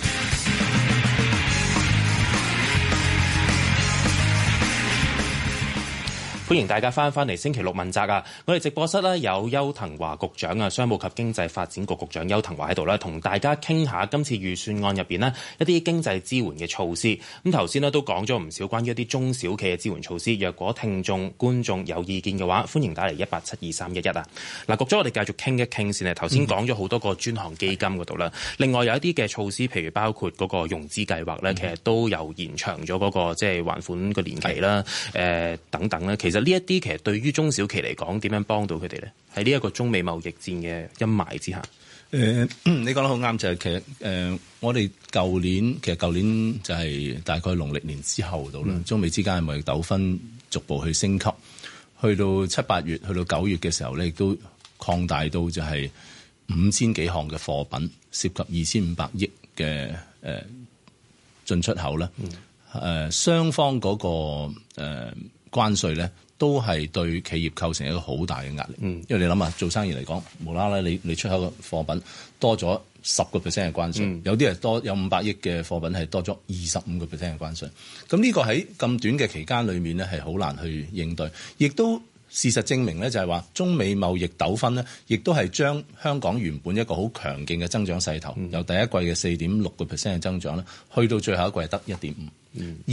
Speaker 5: 歡迎大家翻返嚟星期六問責啊！我哋直播室呢，有邱騰華局長啊，商務及經濟發展局局長邱騰華喺度啦，同大家傾下今次預算案入面呢一啲經濟支援嘅措施。咁頭先呢都講咗唔少關於一啲中小企嘅支援措施。若果聽眾觀眾有意見嘅話，歡迎打嚟一八七二三一一啊！嗱，局長，我哋繼續傾一傾先啊。頭先講咗好多個專項基金嗰度啦，另外有一啲嘅措施，譬如包括嗰個融資計劃呢，其實都有延長咗嗰個即係還款嘅年期啦，呃，等等啦，其實呢一啲其實對於中小企嚟講，點樣幫到佢哋咧？喺呢一個中美貿易戰嘅陰霾之下，
Speaker 6: 誒、呃，你講得好啱，就係、是、其實誒、呃，我哋舊年其實舊年就係大概農曆年之後到啦、嗯，中美之間貿易糾紛逐步去升級，去到七八月，去到九月嘅時候咧，亦都擴大到就係五千幾項嘅貨品，涉及二千五百億嘅誒進出口啦。誒、嗯呃，雙方嗰、那個誒、呃、關稅咧。都係對企業構成一個好大嘅壓力，嗯，因為你諗下，做生意嚟講，無啦啦你你出口嘅貨品多咗十個 percent 嘅關稅，嗯，有啲係多有五百億嘅貨品係多咗二十五個 percent 嘅關稅，咁呢個喺咁短嘅期間裏面咧係好難去應對，亦都事實證明咧就係話中美貿易糾紛咧，亦都係將香港原本一個好強勁嘅增長勢頭，嗯，由第一季嘅四點六個 percent 嘅增長咧，去到最後一季係得一點五，而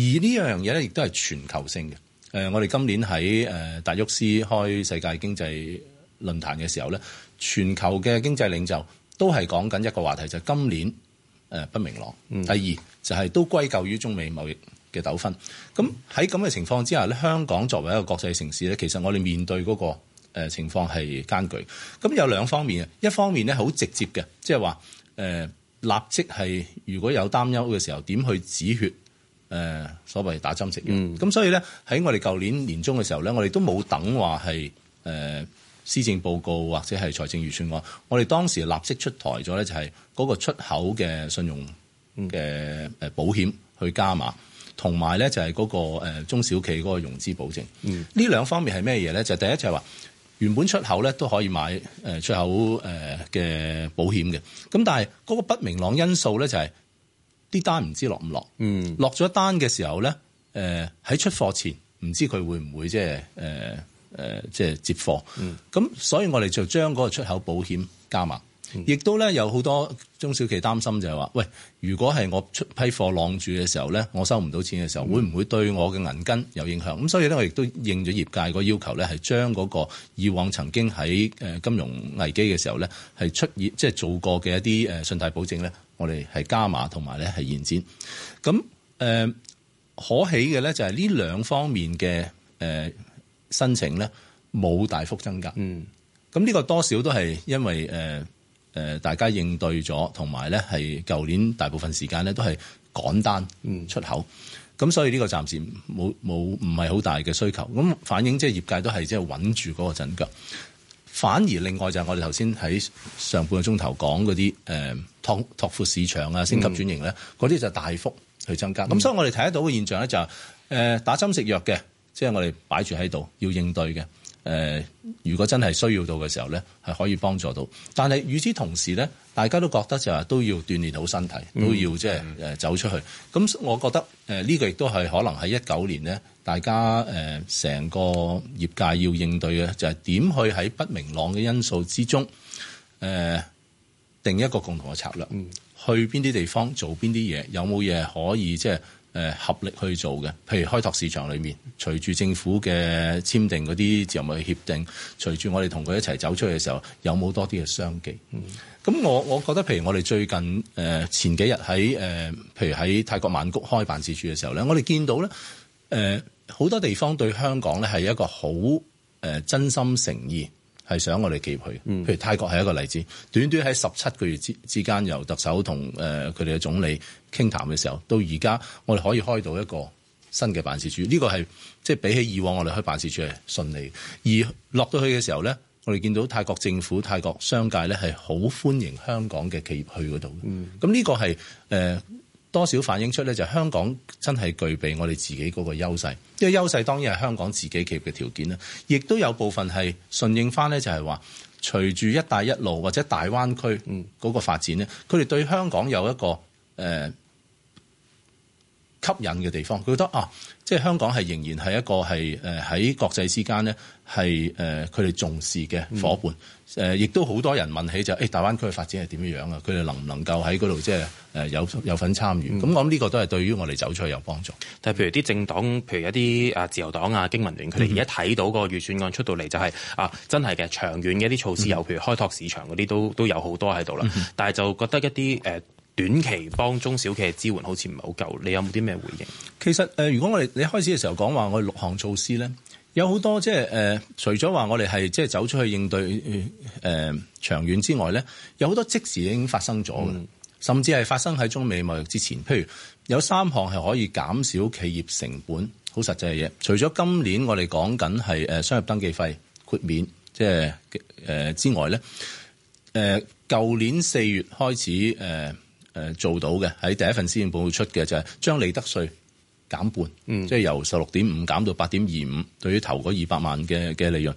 Speaker 6: 呢樣嘢咧亦都係全球性嘅。誒、呃，我哋今年喺誒達沃斯開世界經濟論壇嘅時候咧，全球嘅經濟領袖都係講緊一個話題，就是、今年誒、呃、不明朗。嗯、第二就係、是、都歸咎於中美貿易嘅糾紛。咁喺咁嘅情況之下咧，香港作為一個國際城市咧，其實我哋面對嗰、那個、呃、情況係艱巨。咁有兩方面，一方面咧好直接嘅，即係話誒立即係如果有擔憂嘅時候點去止血。誒、呃、所謂打針。嗯，咁所以咧，喺我哋舊年年中嘅時候咧，我哋都冇等話係誒施政報告或者係財政預算案，我哋當時立即出台咗咧，就係嗰個出口嘅信用嘅保險去加碼，同埋咧就係嗰個中小企嗰個融資保證。嗯，呢兩方面係咩嘢咧？就係、第一就係話原本出口咧都可以買誒出口嘅保險嘅，咁但係嗰個不明朗因素咧就係、係。啲單唔知落唔落，嗯、落咗單嘅時候咧，誒、呃、喺出貨前唔知佢會唔會即係誒誒即係接貨，嗯，咁所以我哋就將嗰個出口保險加埋。亦都咧有好多中小企擔心就係、是、話，喂，如果係我出批貨晾住嘅時候咧，我收唔到錢嘅時候，會唔會對我嘅銀根有影響？咁、嗯、所以咧，我亦都應咗業界個要求咧，係將嗰個以往曾經喺金融危機嘅時候咧，係出現即係做過嘅一啲信貸保證咧，我哋係加碼同埋咧係延展。咁誒、呃、可喜嘅咧就係呢兩方面嘅、呃、申請咧冇大幅增加。嗯，咁呢個多少都係因為誒。呃誒，大家應對咗，同埋咧係舊年大部分時間咧都係趕單出口，咁、嗯、所以呢個暫時冇冇唔係好大嘅需求，咁反映即係業界都係即係穩住嗰個陣腳。反而另外就係我哋頭先喺上半個鐘頭講嗰啲誒拓闊市場啊、升級轉型咧，嗰、嗯、啲就大幅去增加。咁、嗯、所以我哋睇得到嘅現象咧就係、是、打針食藥嘅，即、就、係、是、我哋擺住喺度要應對嘅。誒，如果真係需要到嘅時候咧，係可以幫助到。但係與此同時咧，大家都覺得就係、是、都要鍛鍊好身體，都要即、就、係、是嗯、走出去。咁我覺得誒呢、這個亦都係可能喺一九年咧，大家誒成、呃、個業界要應對嘅，就係點去喺不明朗嘅因素之中，誒、呃、定一個共同嘅策略，嗯、去邊啲地方做邊啲嘢，有冇嘢可以即係。就是誒合力去做嘅，譬如開拓市場裏面，隨住政府嘅簽訂嗰啲自由貿易協定，隨住我哋同佢一齊走出去嘅時候，有冇多啲嘅商機咁、嗯、我我覺得譬我、呃呃，譬如我哋最近誒前幾日喺誒譬如喺泰國曼谷開辦事處嘅時候咧，我哋見到咧，誒、呃、好多地方對香港咧係一個好誒、呃、真心誠意，係想我哋企業去。嗯、譬如泰國係一個例子，短短喺十七個月之之間由特首同誒佢哋嘅總理。傾談嘅時候，到而家我哋可以開到一個新嘅辦事處，呢、呢個係即係比起以往我哋開辦事處係順利。而落到去嘅時候呢，我哋見到泰國政府、泰國商界呢係好歡迎香港嘅企業去嗰度。咁、嗯、呢個係誒、呃、多少反映出呢，就是、香港真係具備我哋自己嗰個優勢。因為優勢當然係香港自己企業嘅條件啦，亦都有部分係順應翻呢，就係話隨住一帶一路或者大灣區嗰個發展呢，佢、嗯、哋對香港有一個誒、嗯、吸引嘅地方，佢覺得啊，即係香港係仍然係一個係誒喺國際之間呢，係誒佢哋重視嘅伙伴。誒亦都好多人問起就誒、是欸，大灣區嘅發展係點樣樣啊？佢哋能唔能夠喺嗰度即係誒有有份參與？咁我諗呢個都係對於我哋走出去有幫助。
Speaker 5: 但係譬如啲政黨，譬如一啲誒自由黨啊、經民聯，佢哋而家睇到個預算案出到嚟、就是，就、嗯、係啊，真係嘅長遠嘅一啲措施有，有譬如開拓市場嗰啲，都都有好多喺度啦。但係就覺得一啲誒。呃短期幫中小企業嘅支援好似唔係好夠，你有冇啲咩回應？
Speaker 6: 其實、呃、如果我哋你開始嘅時候講話我哋六項措施咧，有好多即係、就是呃、除咗話我哋係即係走出去應對誒、呃、長遠之外咧，有好多即時已經發生咗、嗯、甚至係發生喺中美貿易之前。譬如有三項係可以減少企業成本，好實際嘅嘢。除咗今年我哋講緊係誒商業登記費豁免，即、就、係、是呃、之外咧，誒、呃、舊年四月開始誒。呃誒，做到嘅喺第一份施政報告出嘅就係將利得稅減半，嗯、即係由十六點五減到八點二五。對於投嗰二百萬嘅嘅利潤，呢、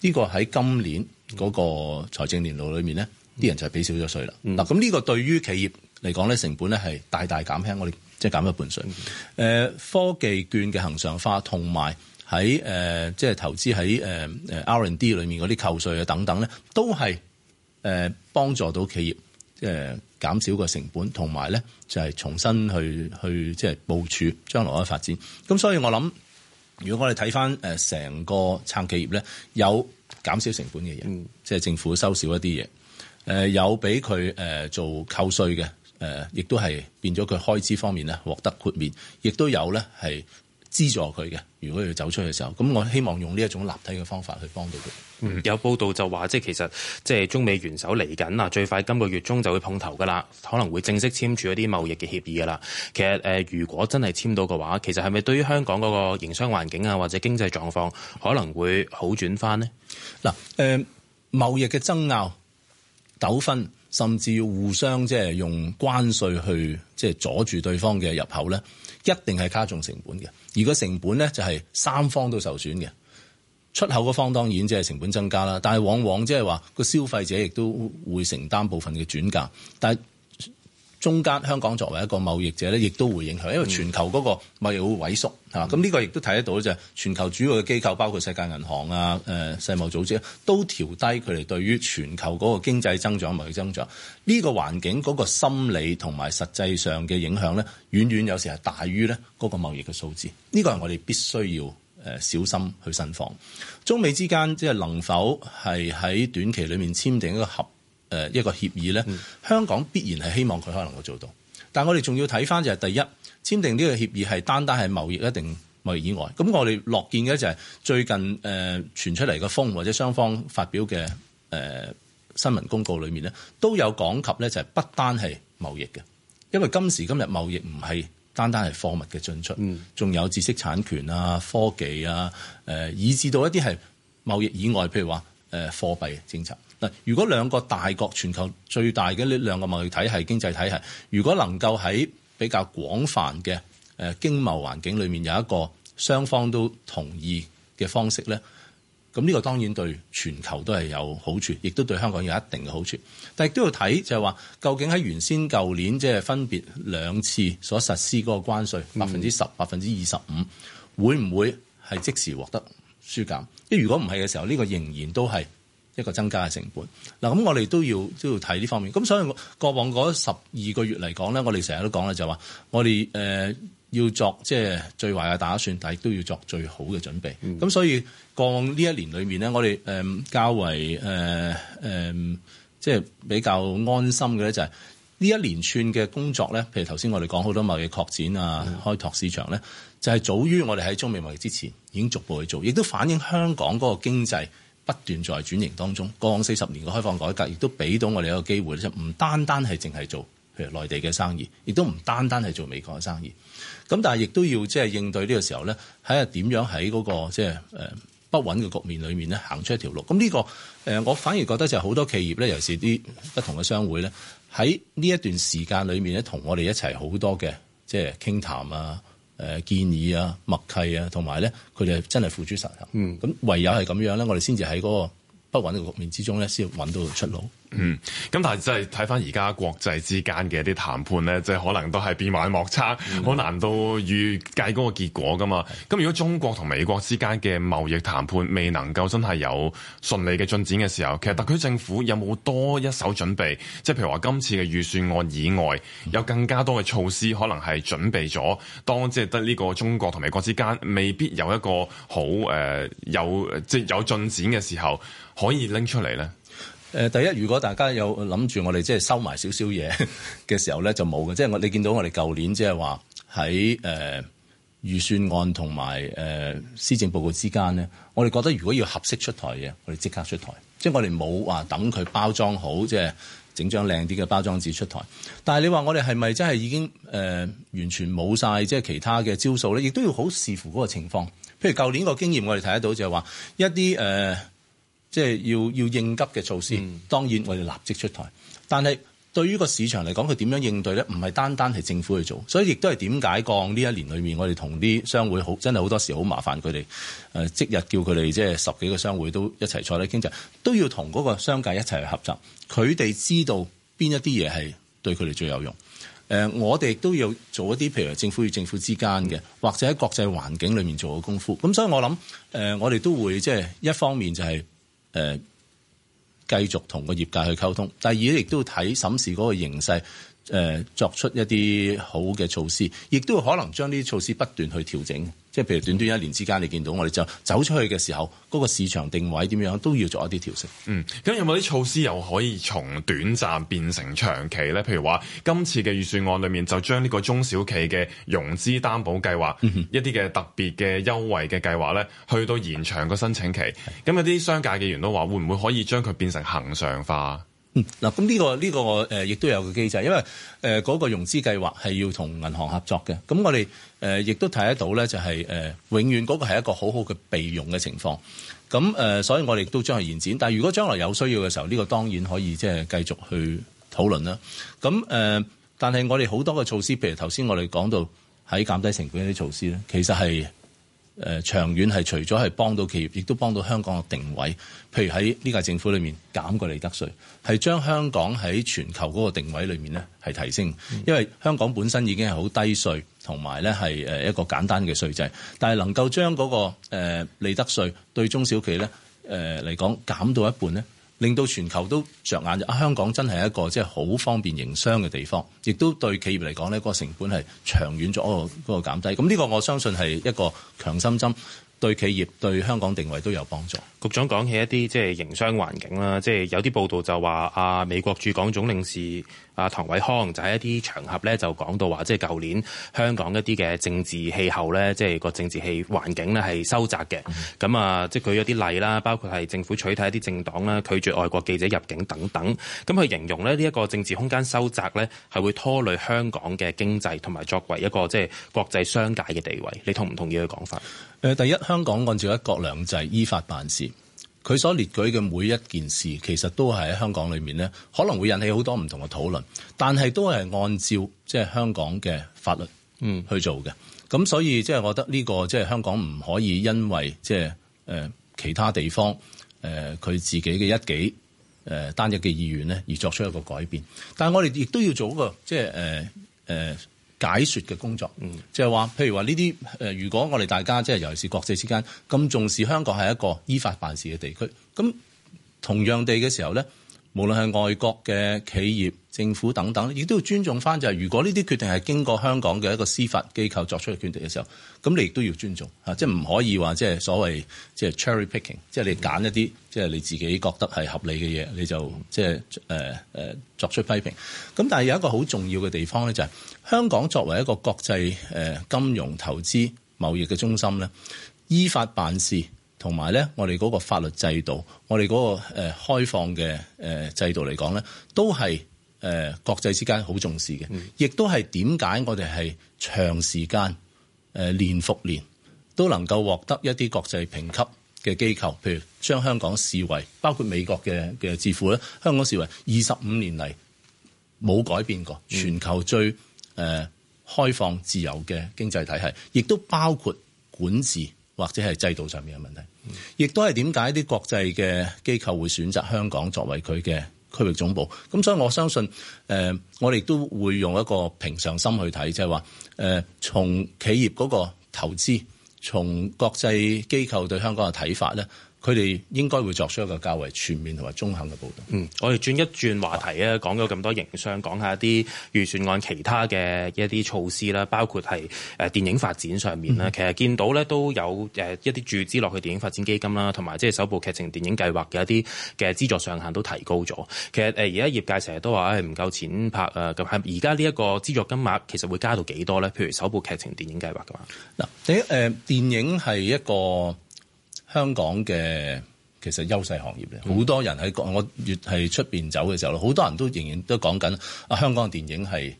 Speaker 6: 這個喺今年嗰個財政年度裏面咧，啲、嗯、人就係俾少咗稅啦。嗱、嗯，咁呢個對於企業嚟講咧，成本咧係大大減輕，我哋即係減咗一半稅。誒、嗯呃，科技券嘅恒常化，同埋喺誒即係投資喺誒誒 R&D 裏面嗰啲扣稅啊等等咧，都係誒幫助到企業誒。即減少個成本，同埋咧就係重新去去即係部署將來嘅發展。咁所以我諗，如果我哋睇翻成個撐企業咧，有減少成本嘅嘢，嗯，即係政府收少一啲嘢。有俾佢做扣稅嘅。亦都係變咗佢開支方面咧獲得豁免，亦都有咧係。資助佢嘅，如果要走出去嘅時候，咁我希望用呢一種立體嘅方法去幫到佢。
Speaker 5: 有報道就話，即係其實即係中美元首嚟緊啊，最快今個月中就會碰頭噶啦，可能會正式簽署一啲貿易嘅協議噶啦。其實誒、呃，如果真係簽到嘅話，其實係咪對於香港嗰個營商環境啊，或者經濟狀況可能會好轉翻呢？嗱、呃、誒，貿易嘅爭拗、糾紛，甚至要互相即係
Speaker 6: 用關稅去即係阻住對方嘅入口咧，一定係加重成本嘅。而個成本咧就係三方都受損嘅，出口個方當然即係成本增加啦，但係往往即係話個消費者亦都會承擔部分嘅轉嫁，但係中間香港作為一個貿易者咧，亦都會影響，因為全球嗰個貿易好萎縮咁呢、嗯、個亦都睇得到就係、是、全球主要嘅機構，包括世界銀行啊、誒、呃、世貿組織，都調低佢哋對於全球嗰個經濟增長、貿易增長呢、這個環境嗰個心理同埋實際上嘅影響咧，遠遠有時係大於咧嗰個貿易嘅數字。呢、這個係我哋必須要誒小心去慎防。中美之間即係能否係喺短期裏面簽訂一個合誒一個協議咧，香港必然係希望佢可能夠做到，但我哋仲要睇返就係第一簽訂呢個協議係單單係貿易一定貿易以外，咁我哋樂見嘅就係最近誒傳出嚟嘅風或者雙方發表嘅、呃、新聞公告裏面咧，都有講及咧就係不單係貿易嘅，因為今時今日貿易唔係單單係貨物嘅進出，仲有知識產權啊、科技啊，呃、以至到一啲係貿易以外，譬如話誒貨幣政策。嗱，如果兩個大國、全球最大嘅呢兩個貿易體系經濟體系，如果能夠喺比較廣泛嘅誒經貿環境裡面有一個雙方都同意嘅方式咧，咁呢個當然對全球都係有好處，亦都對香港有一定嘅好處。但係都要睇就係話，究竟喺原先舊年即係、就是、分別兩次所實施嗰個關稅百分之十、百分之二十五，會唔會係即時獲得舒減？即如果唔係嘅時候，呢、這個仍然都係。一個增加嘅成本，嗱咁我哋都要都要睇呢方面。咁所以過往嗰十二個月嚟講咧，我哋成日都講啦，就話我哋誒要作即係最壞嘅打算，但係都要作最好嘅準備。咁、嗯、所以過往呢一年裏面咧，我哋誒、呃、較為誒誒即係比較安心嘅咧、就是，就係呢一連串嘅工作咧，譬如頭先我哋講好多貿易擴展啊、嗯、開拓市場咧，就係、是、早於我哋喺中美貿易之前已經逐步去做，亦都反映香港嗰個經濟。不斷在轉型當中，過往四十年嘅開放改革，亦都俾到我哋一個機會，就唔單單係淨係做，譬如內地嘅生意，亦都唔單單係做美國嘅生意。咁但係亦都要即係應對呢個時候咧，喺點樣喺嗰個即係誒不穩嘅局面裏面咧，行出一條路。咁、這、呢個誒，我反而覺得就係好多企業咧，尤其是啲不同嘅商會咧，喺呢一段時間裏面咧，同我哋一齊好多嘅即係傾談啊。誒、呃、建議啊、默契啊，同埋咧，佢哋真係付諸實行。咁、嗯、唯有係咁樣咧，我哋先至喺嗰個不穩嘅局面之中咧，先揾到出路。
Speaker 4: 嗯，咁但係真係睇翻而家國際之間嘅一啲談判咧，即係可能都係變幻莫測，好、嗯、難到預計嗰個結果噶嘛咁、嗯、如果中國同美國之間嘅貿易談判未能夠真係有順利嘅進展嘅時候，其實特區政府有冇多一手準備？即係譬如話今次嘅預算案以外，有更加多嘅措施，可能係準備咗當即係得呢個中國同美國之間未必有一個好誒、呃、有即係有進展嘅時候，可以拎出嚟咧。誒、第一，如果大家有諗住我哋即係收埋少少嘢
Speaker 6: 嘅時候咧，就冇嘅。即係我你見到我哋舊年即係話喺誒預算案同埋誒施政報告之間咧，我哋覺得如果要合適出台嘅，我哋即刻出台。即係我哋冇話等佢包裝好，即係整張靚啲嘅包裝紙出台。但係你話我哋係咪真係已經誒、呃、完全冇晒？即係其他嘅招數咧？亦都要好視乎嗰個情況。譬如舊年個經驗，我哋睇得到就係話一啲誒。呃即係要要應急嘅措施、嗯，當然我哋立即出台。但係對於個市場嚟講，佢點樣應對咧？唔係單單係政府去做，所以亦都係點解講呢一年裏面，我哋同啲商會好真係好多時好麻煩佢哋、呃。即日叫佢哋即係十幾個商會都一齊坐低傾偈，就都要同嗰個商界一齊去合作。佢哋知道邊一啲嘢係對佢哋最有用。誒、呃，我哋都要做一啲，譬如政府與政府之間嘅，或者喺國際環境裏面做嘅功夫。咁所以我諗、呃、我哋都會即係一方面就係、是。誒、呃，繼續同個業界去溝通，第二亦都睇審視嗰個形勢，誒、呃，作出一啲好嘅措施，亦都可能將呢啲措施不斷去調整。即係譬如短短一年之間，你見到我哋就走出去嘅時候，嗰、那個市場定位點樣都要做一啲
Speaker 4: 調整。嗯，咁有冇啲措施又可以從短暫變成長期咧？譬如話，今次嘅預算案裏面就將呢個中小企嘅融資擔保計劃，嗯、一啲嘅特別嘅優惠嘅計劃咧，去到延長個申請期。咁有啲商界議員都話，會唔會可以將佢變成恒常化？嗯，嗱、這個，咁、這、呢個呢個誒，亦、呃、都有個機制，因為
Speaker 6: 誒嗰、呃那個融資計劃係要同銀行合作嘅。咁我哋誒亦都睇得到咧，就係、是、誒、呃、永遠嗰個係一個好好嘅備用嘅情況。咁誒、呃，所以我哋亦都將係延展。但係如果將來有需要嘅時候，呢、這個當然可以即係繼續去討論啦。咁誒、呃，但係我哋好多嘅措施，譬如頭先我哋講到喺減低成本啲措施咧，其實係。誒、呃、長遠係除咗係幫到企業，亦都幫到香港嘅定位。譬如喺呢屆政府裏面減個利得稅，係將香港喺全球嗰個定位裏面咧係提升，因為香港本身已經係好低稅，同埋咧係誒一個簡單嘅稅制。但係能夠將嗰個、呃、利得稅對中小企咧誒嚟講減到一半咧？令到全球都着眼啊，香港真係一個即係好方便營商嘅地方，亦都對企業嚟講，呢個成本係長遠咗個個減低。咁呢個我相信係一個強心針。對企
Speaker 5: 業對香港定位都有幫助。局長講起一啲即係營商環境啦，即係有啲報道就話啊，美國駐港總領事、啊、唐偉康就喺一啲場合咧就講到話，即係舊年香港一啲嘅政治氣候咧，即係個政治氣環境咧係收窄嘅。咁、嗯、啊，即係舉咗啲例啦，包括係政府取締一啲政黨啦，拒絕外國記者入境等等。咁佢形容呢一個政治空間收窄咧係會拖累香港嘅經濟同埋作為一個即係國際商界嘅地位。你同唔同意佢講法？誒
Speaker 6: 第一，香港按照一國兩制依法辦事，佢所列舉嘅每一件事，其實都係喺香港裏面咧，可能會引起好多唔同嘅討論，但係都係按照即係香港嘅法律嗯去做嘅。咁、嗯、所以即係我覺得呢、呢個即係香港唔可以因為即係其他地方誒佢自己嘅一己誒單一嘅意願咧而作出一個改變。但係我哋亦都要做個即係誒解説嘅工作，即係話，譬如話呢啲誒，如果我哋大家即係尤其是國際之間咁重視香港係一個依法辦事嘅地區，咁同樣地嘅時候咧，無論係外國嘅企業、政府等等，亦都要尊重翻。就係如果呢啲決定係經過香港嘅一個司法機構作出嘅決定嘅時候，咁你亦都要尊重嚇，即係唔可以話即係所謂即係 cherry picking，即係你揀一啲即係你自己覺得係合理嘅嘢，你就即係誒作出批評，咁但係有一個好重要嘅地方咧，就是，就係香港作為一個國際誒金融投資貿易嘅中心咧，依法辦事同埋咧，我哋嗰個法律制度，我哋嗰個誒開放嘅誒制度嚟講咧，都係。誒、呃、國際之間好重視嘅，亦都係點解我哋係長時間誒年、呃、復年都能夠獲得一啲國際評級嘅機構，譬如將香港視為包括美國嘅嘅智庫咧，香港視為二十五年嚟冇改變過，全球最誒、呃、開放自由嘅經濟體系，亦都包括管治或者係制度上面嘅問題，亦都係點解啲國際嘅機構會選擇香港作為佢嘅區域總部，咁所以我相信，誒、呃，我哋都會用一個平常心去睇，即係話，誒，從、呃、企業嗰個投資，從國際機構對香港嘅睇法咧。佢哋應該會作出一個較為全面同埋中肯嘅報導。嗯，
Speaker 5: 我哋轉一轉話題啊，講咗咁多營商，講下一啲預算案其他嘅一啲措施啦，包括係誒電影發展上面啦、嗯。其實見到咧都有誒一啲注資落去電影發展基金啦，同埋即係首部劇情電影計劃嘅一啲嘅資助上限都提高咗。其實誒而家業界成日都話誒唔夠錢拍啊咁。係而家呢一個資助金額其實會加到幾多咧？譬如首部劇情電影計劃嘅話，嗱、啊，第一誒、呃、電影係一個。香港嘅其實優勢行業咧，
Speaker 6: 好多人喺我越係出邊走嘅時候咧，好多人都仍然都講緊啊香港電影係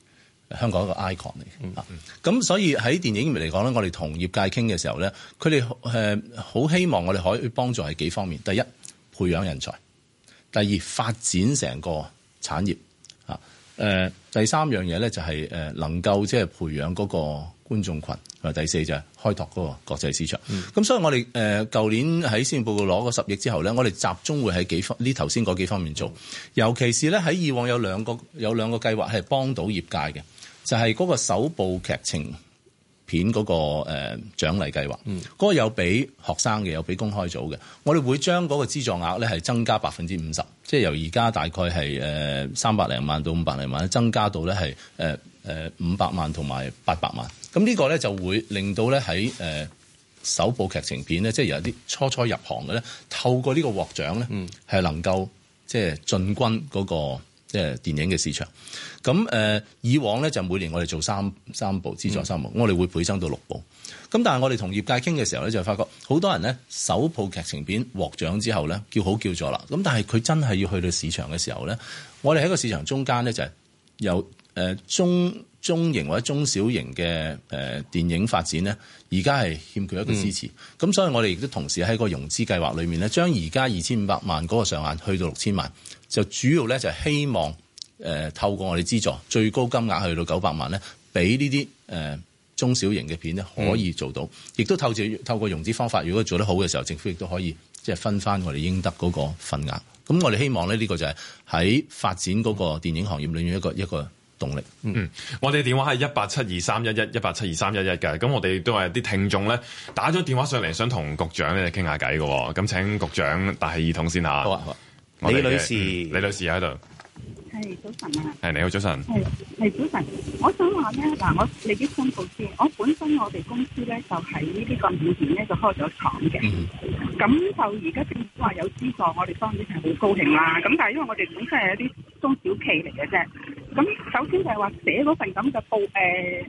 Speaker 6: 香港一個 icon 嚟嘅，咁、嗯嗯、所以喺電影面嚟講咧，我哋同業界傾嘅時候咧，佢哋誒好希望我哋可以幫助係幾方面：第一，培養人才；第二，發展成個產業。啊、呃，第三樣嘢咧就係誒能夠即係培養嗰個觀眾群。第四就係開拓嗰個國際市場。咁、嗯、所以我哋誒舊年喺先報告攞個十億之後咧，我哋集中會喺幾方呢頭先嗰幾方面做，尤其是咧喺以往有兩個有兩個計劃係幫到業界嘅，就係、是、嗰個首部劇情。片、嗰個誒獎勵計劃，嗯，嗰個有俾學生嘅，有俾公開組嘅。我哋會將嗰個資助額咧係增加百分之五十，即係由而家大概係誒三百零萬到五百零萬咧增加到咧係誒誒五百萬同埋八百萬，咁呢個咧就會令到咧喺誒首部劇情片咧，即係有啲初初入行嘅咧，透過這個呢個獲獎咧，嗯，係能夠即係進軍嗰、嗰個。即係電影嘅市場，咁誒、呃、以往咧就每年我哋做三三部資助三部，嗯、我哋會倍增到六部。咁但係我哋同業界傾嘅時候咧，就發覺好多人咧首部劇情片獲獎之後咧叫好叫座啦。咁但係佢真係要去到市場嘅時候咧，我哋喺個市場中間咧就係、是、由、呃、中中型或者中小型嘅誒電影發展咧，而家係欠缺一個支持。咁、嗯、所以我哋亦都同時喺個融資計劃裏面咧，將而家二千五百萬嗰個上限去到六千萬。就主要咧就係、是、希望，誒、呃、透過我哋資助，最高金額去到九百萬咧，俾呢啲誒中小型嘅片咧可以做到，亦、嗯、都透住透過融資方法，如果做得好嘅時候，政府亦都可以即係分翻我哋應得嗰個份額。咁我哋希望咧呢、這個就係喺發展嗰個電影行業裏面一個一個動力。嗯、嗯，
Speaker 4: 我哋電話係一八七二三一一一八七二三一一嘅。咁我哋都係啲聽眾咧打咗電話上嚟，想同局長咧傾下偈嘅。咁、哦、請局長戴起耳筒先吓、啊。好啊。好啊。李女士，的李女士喺度。
Speaker 1: 係早晨啊！係你好，早晨。係係早晨，我想話咧，嗱，我嚟啲新投先。我本身我哋公司咧就喺呢個五年咧就開咗廠嘅。咁、嗯、就而家政府話有資助，我哋當然係好高興啦。咁但係因為我哋本身係一啲中小企嚟嘅啫。咁首先就係話寫嗰份咁嘅報誒、呃，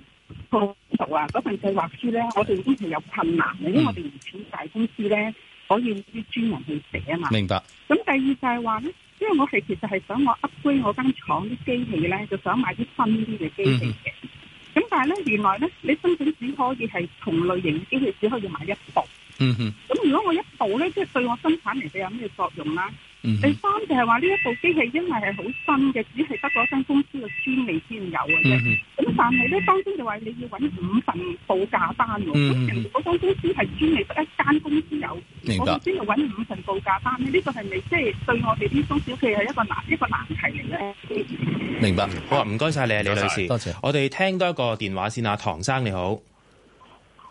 Speaker 1: 報道啊，嗰份計劃書咧，我哋已經係有困難嘅、嗯，因為我哋唔似大公司咧。可以啲專人去寫啊嘛，明白。咁第二就係話咧，因為我係其實係想我 upgrade 我間廠啲機器咧，就想買啲新啲嘅機器嘅。咁、嗯、但係咧，原來咧，你申請只可以係同類型機器，只可以買一部。
Speaker 7: 嗯
Speaker 1: 哼。咁如果我一部咧，即係對我生產嚟，佢有咩作用啦？嗯、第三就係話呢一部機器因為係好新嘅，只係得嗰間公司嘅專利先有嘅啫。咁、嗯、但係咧，當先就話你要搵五份報價單。咁嗰間公司係專利得一間公司有，我當先要搵五份報價單呢,呢個係咪即係對我哋啲中小企係一個難、嗯、一個難題嚟咧？
Speaker 5: 明白，好啊，唔該晒你，李女士，多謝、謝、謝、謝。我哋聽多一個電話先啊，唐生你好。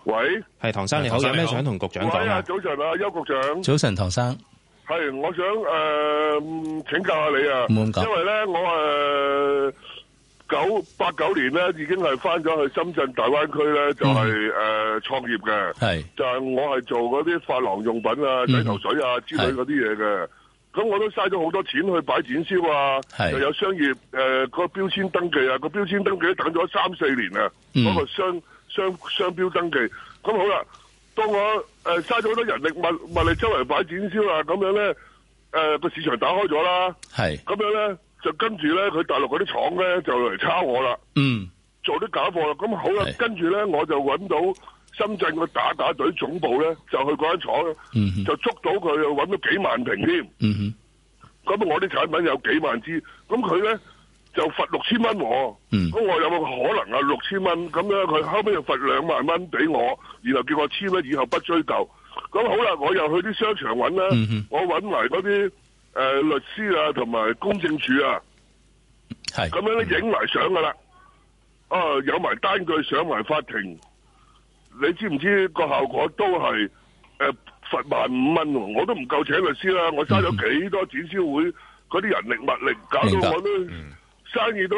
Speaker 5: 喂，係唐生，你好，唐生你好，有咩想同局長講？早
Speaker 6: 早
Speaker 7: 晨啊，邱局長。
Speaker 6: 早晨，唐生。
Speaker 7: 係，我想誒、呃、請教下你啊，因為咧我誒九八九年咧已經係返咗去深圳大灣區咧，就係、是、誒、嗯呃、創業嘅。係，就係、是、我係做嗰啲髮廊用品啊、洗、嗯、頭水啊之類嗰啲嘢嘅。咁我都嘥咗好多錢去擺展銷啊，又有商業誒、呃那個標籤登記啊，那個標籤登記都、啊那個、等咗三四年啊，嗰、嗯那個商商商標登記。咁好啦，當我誒、呃，嘥咗好多人力，物，物力周圍擺，周圍擺展銷啊，咁樣咧，誒個市場打開咗啦，係，咁樣咧就跟住咧，佢大陸嗰啲廠咧就嚟抄我啦，嗯，做啲假貨啦，咁好啦、啊，跟住咧我就搵到深圳個打假隊總部咧，就去嗰間廠，就捉到佢，搵到幾萬瓶添，咁、嗯、我啲產品有幾萬支，咁佢咧。就罰六千蚊我，咁、嗯、我有冇可能啊？六千蚊咁咧，佢後屘又罰兩萬蚊俾我，然後叫我簽咧以後不追究。咁好啦，我又去啲商場揾啦、嗯，我揾埋嗰啲誒律師啊，同埋公證處啊，咁樣影埋相噶啦。啊，有埋單據上埋法庭，你知唔知個效果都係誒罰萬五蚊？我都唔夠請律師啦、啊，我揸咗幾多展銷會，嗰、嗯、啲人力物力搞到我都。嗯生意都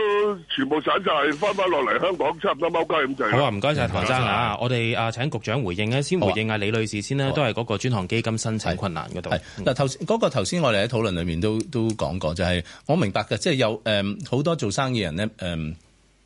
Speaker 7: 全部散曬，翻返落嚟香港差唔多踎街咁滯。好啊，唔該曬，
Speaker 5: 唐生啊，我哋啊請局長回應咧，先回應啊李女士先啦，都係嗰個專項基金申請困難嗰度。係嗱，頭嗰個頭先，我哋喺討
Speaker 6: 論裏面都都講過，就係我明白嘅，即係有誒好多做生意人咧誒。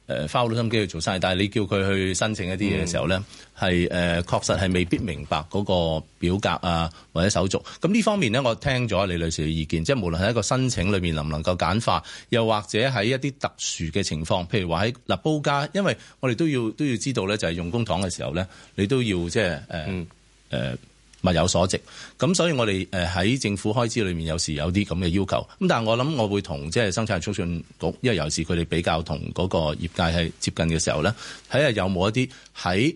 Speaker 6: 誒花好多心機去做晒，但係你叫佢去申請一啲嘢嘅時候咧，係、嗯、誒、呃、確實係未必明白嗰個表格啊或者手續。咁呢方面咧，我聽咗李女士嘅意見，即係無論喺一個申請裏面能唔能夠簡化，又或者喺一啲特殊嘅情況，譬如話喺嗱煲家，因為我哋都要都要知道咧，就係用公帑嘅時候咧，你都要即係誒誒。呃嗯呃物有所值，咁所以我哋誒喺政府開支裏面有時有啲咁嘅要求，咁但係我諗我會同即係生產促進局，因為有時佢哋比較同嗰個業界係接近嘅時候咧，睇下有冇一啲喺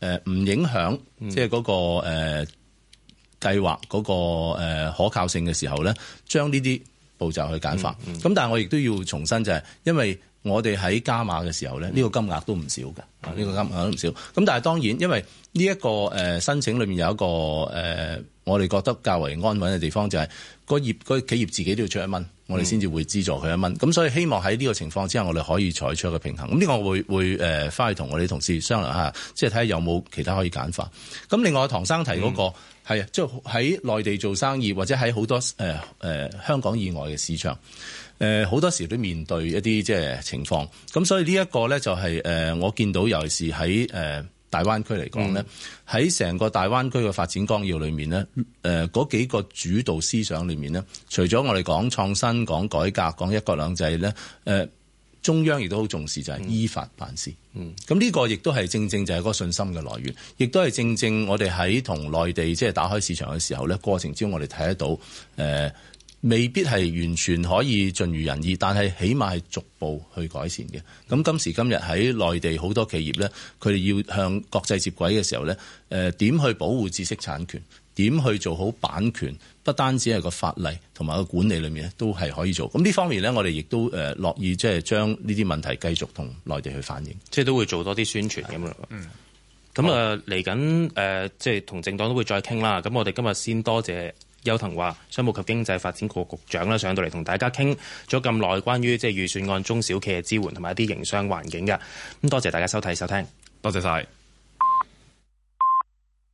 Speaker 6: 誒唔影響即係嗰個誒計劃嗰個可靠性嘅時候咧，將呢啲步驟去簡化。咁但係我亦都要重申就係因為。我哋喺加碼嘅時候咧，呢個金額都唔少㗎。呢個金額都唔少。咁但係當然，因為呢一個申請裏面有一個誒，我哋覺得較為安穩嘅地方就係個業、個企業自己都要出一蚊，我哋先至會資助佢一蚊。咁、嗯、所以希望喺呢個情況之下，我哋可以採取一個平衡。咁呢個我會會誒翻去同我哋同事商量下，即係睇下有冇其他可以簡化。咁另外唐生提嗰個係啊，即係喺內地做生意或者喺好多誒、呃呃、香港以外嘅市場。誒好多時都面對一啲即係情況，咁所以呢一個呢、就係，就係誒我見到，尤其是喺誒大灣區嚟講呢，喺成個大灣區嘅發展綱要裏面呢誒嗰幾個主導思想裏面呢，除咗我哋講創新、講改革、講一國兩制呢誒中央亦都好重視就係依法辦事。嗯，咁呢個亦都係正正就係個個信心嘅來源，亦都係正正我哋喺同內地即係打開市場嘅時候呢過程之中我哋睇得到誒。未必係完全可以盡如人意，但係起碼係逐步去改善嘅。咁今時今日喺內地好多企業呢，佢哋要向國際接軌嘅時候呢，誒、呃、點去保護知識產權？點去做好版權？不單止係個法例同埋個管理裡面都係可以做的。咁呢方面呢，我哋亦都誒樂意即係將呢啲問題繼續同
Speaker 5: 內地去反映，即係都會做多啲宣傳咁咯。咁、嗯哦、啊，嚟緊誒，即係同政黨都會再傾啦。咁我哋今日先多謝，謝。邱騰華，商務及經濟發展局局長呢，上到嚟同大家傾咗咁耐，關於即係預算案中小企嘅支援同埋一啲營商環境嘅。咁多謝大家收睇收聽，多謝晒。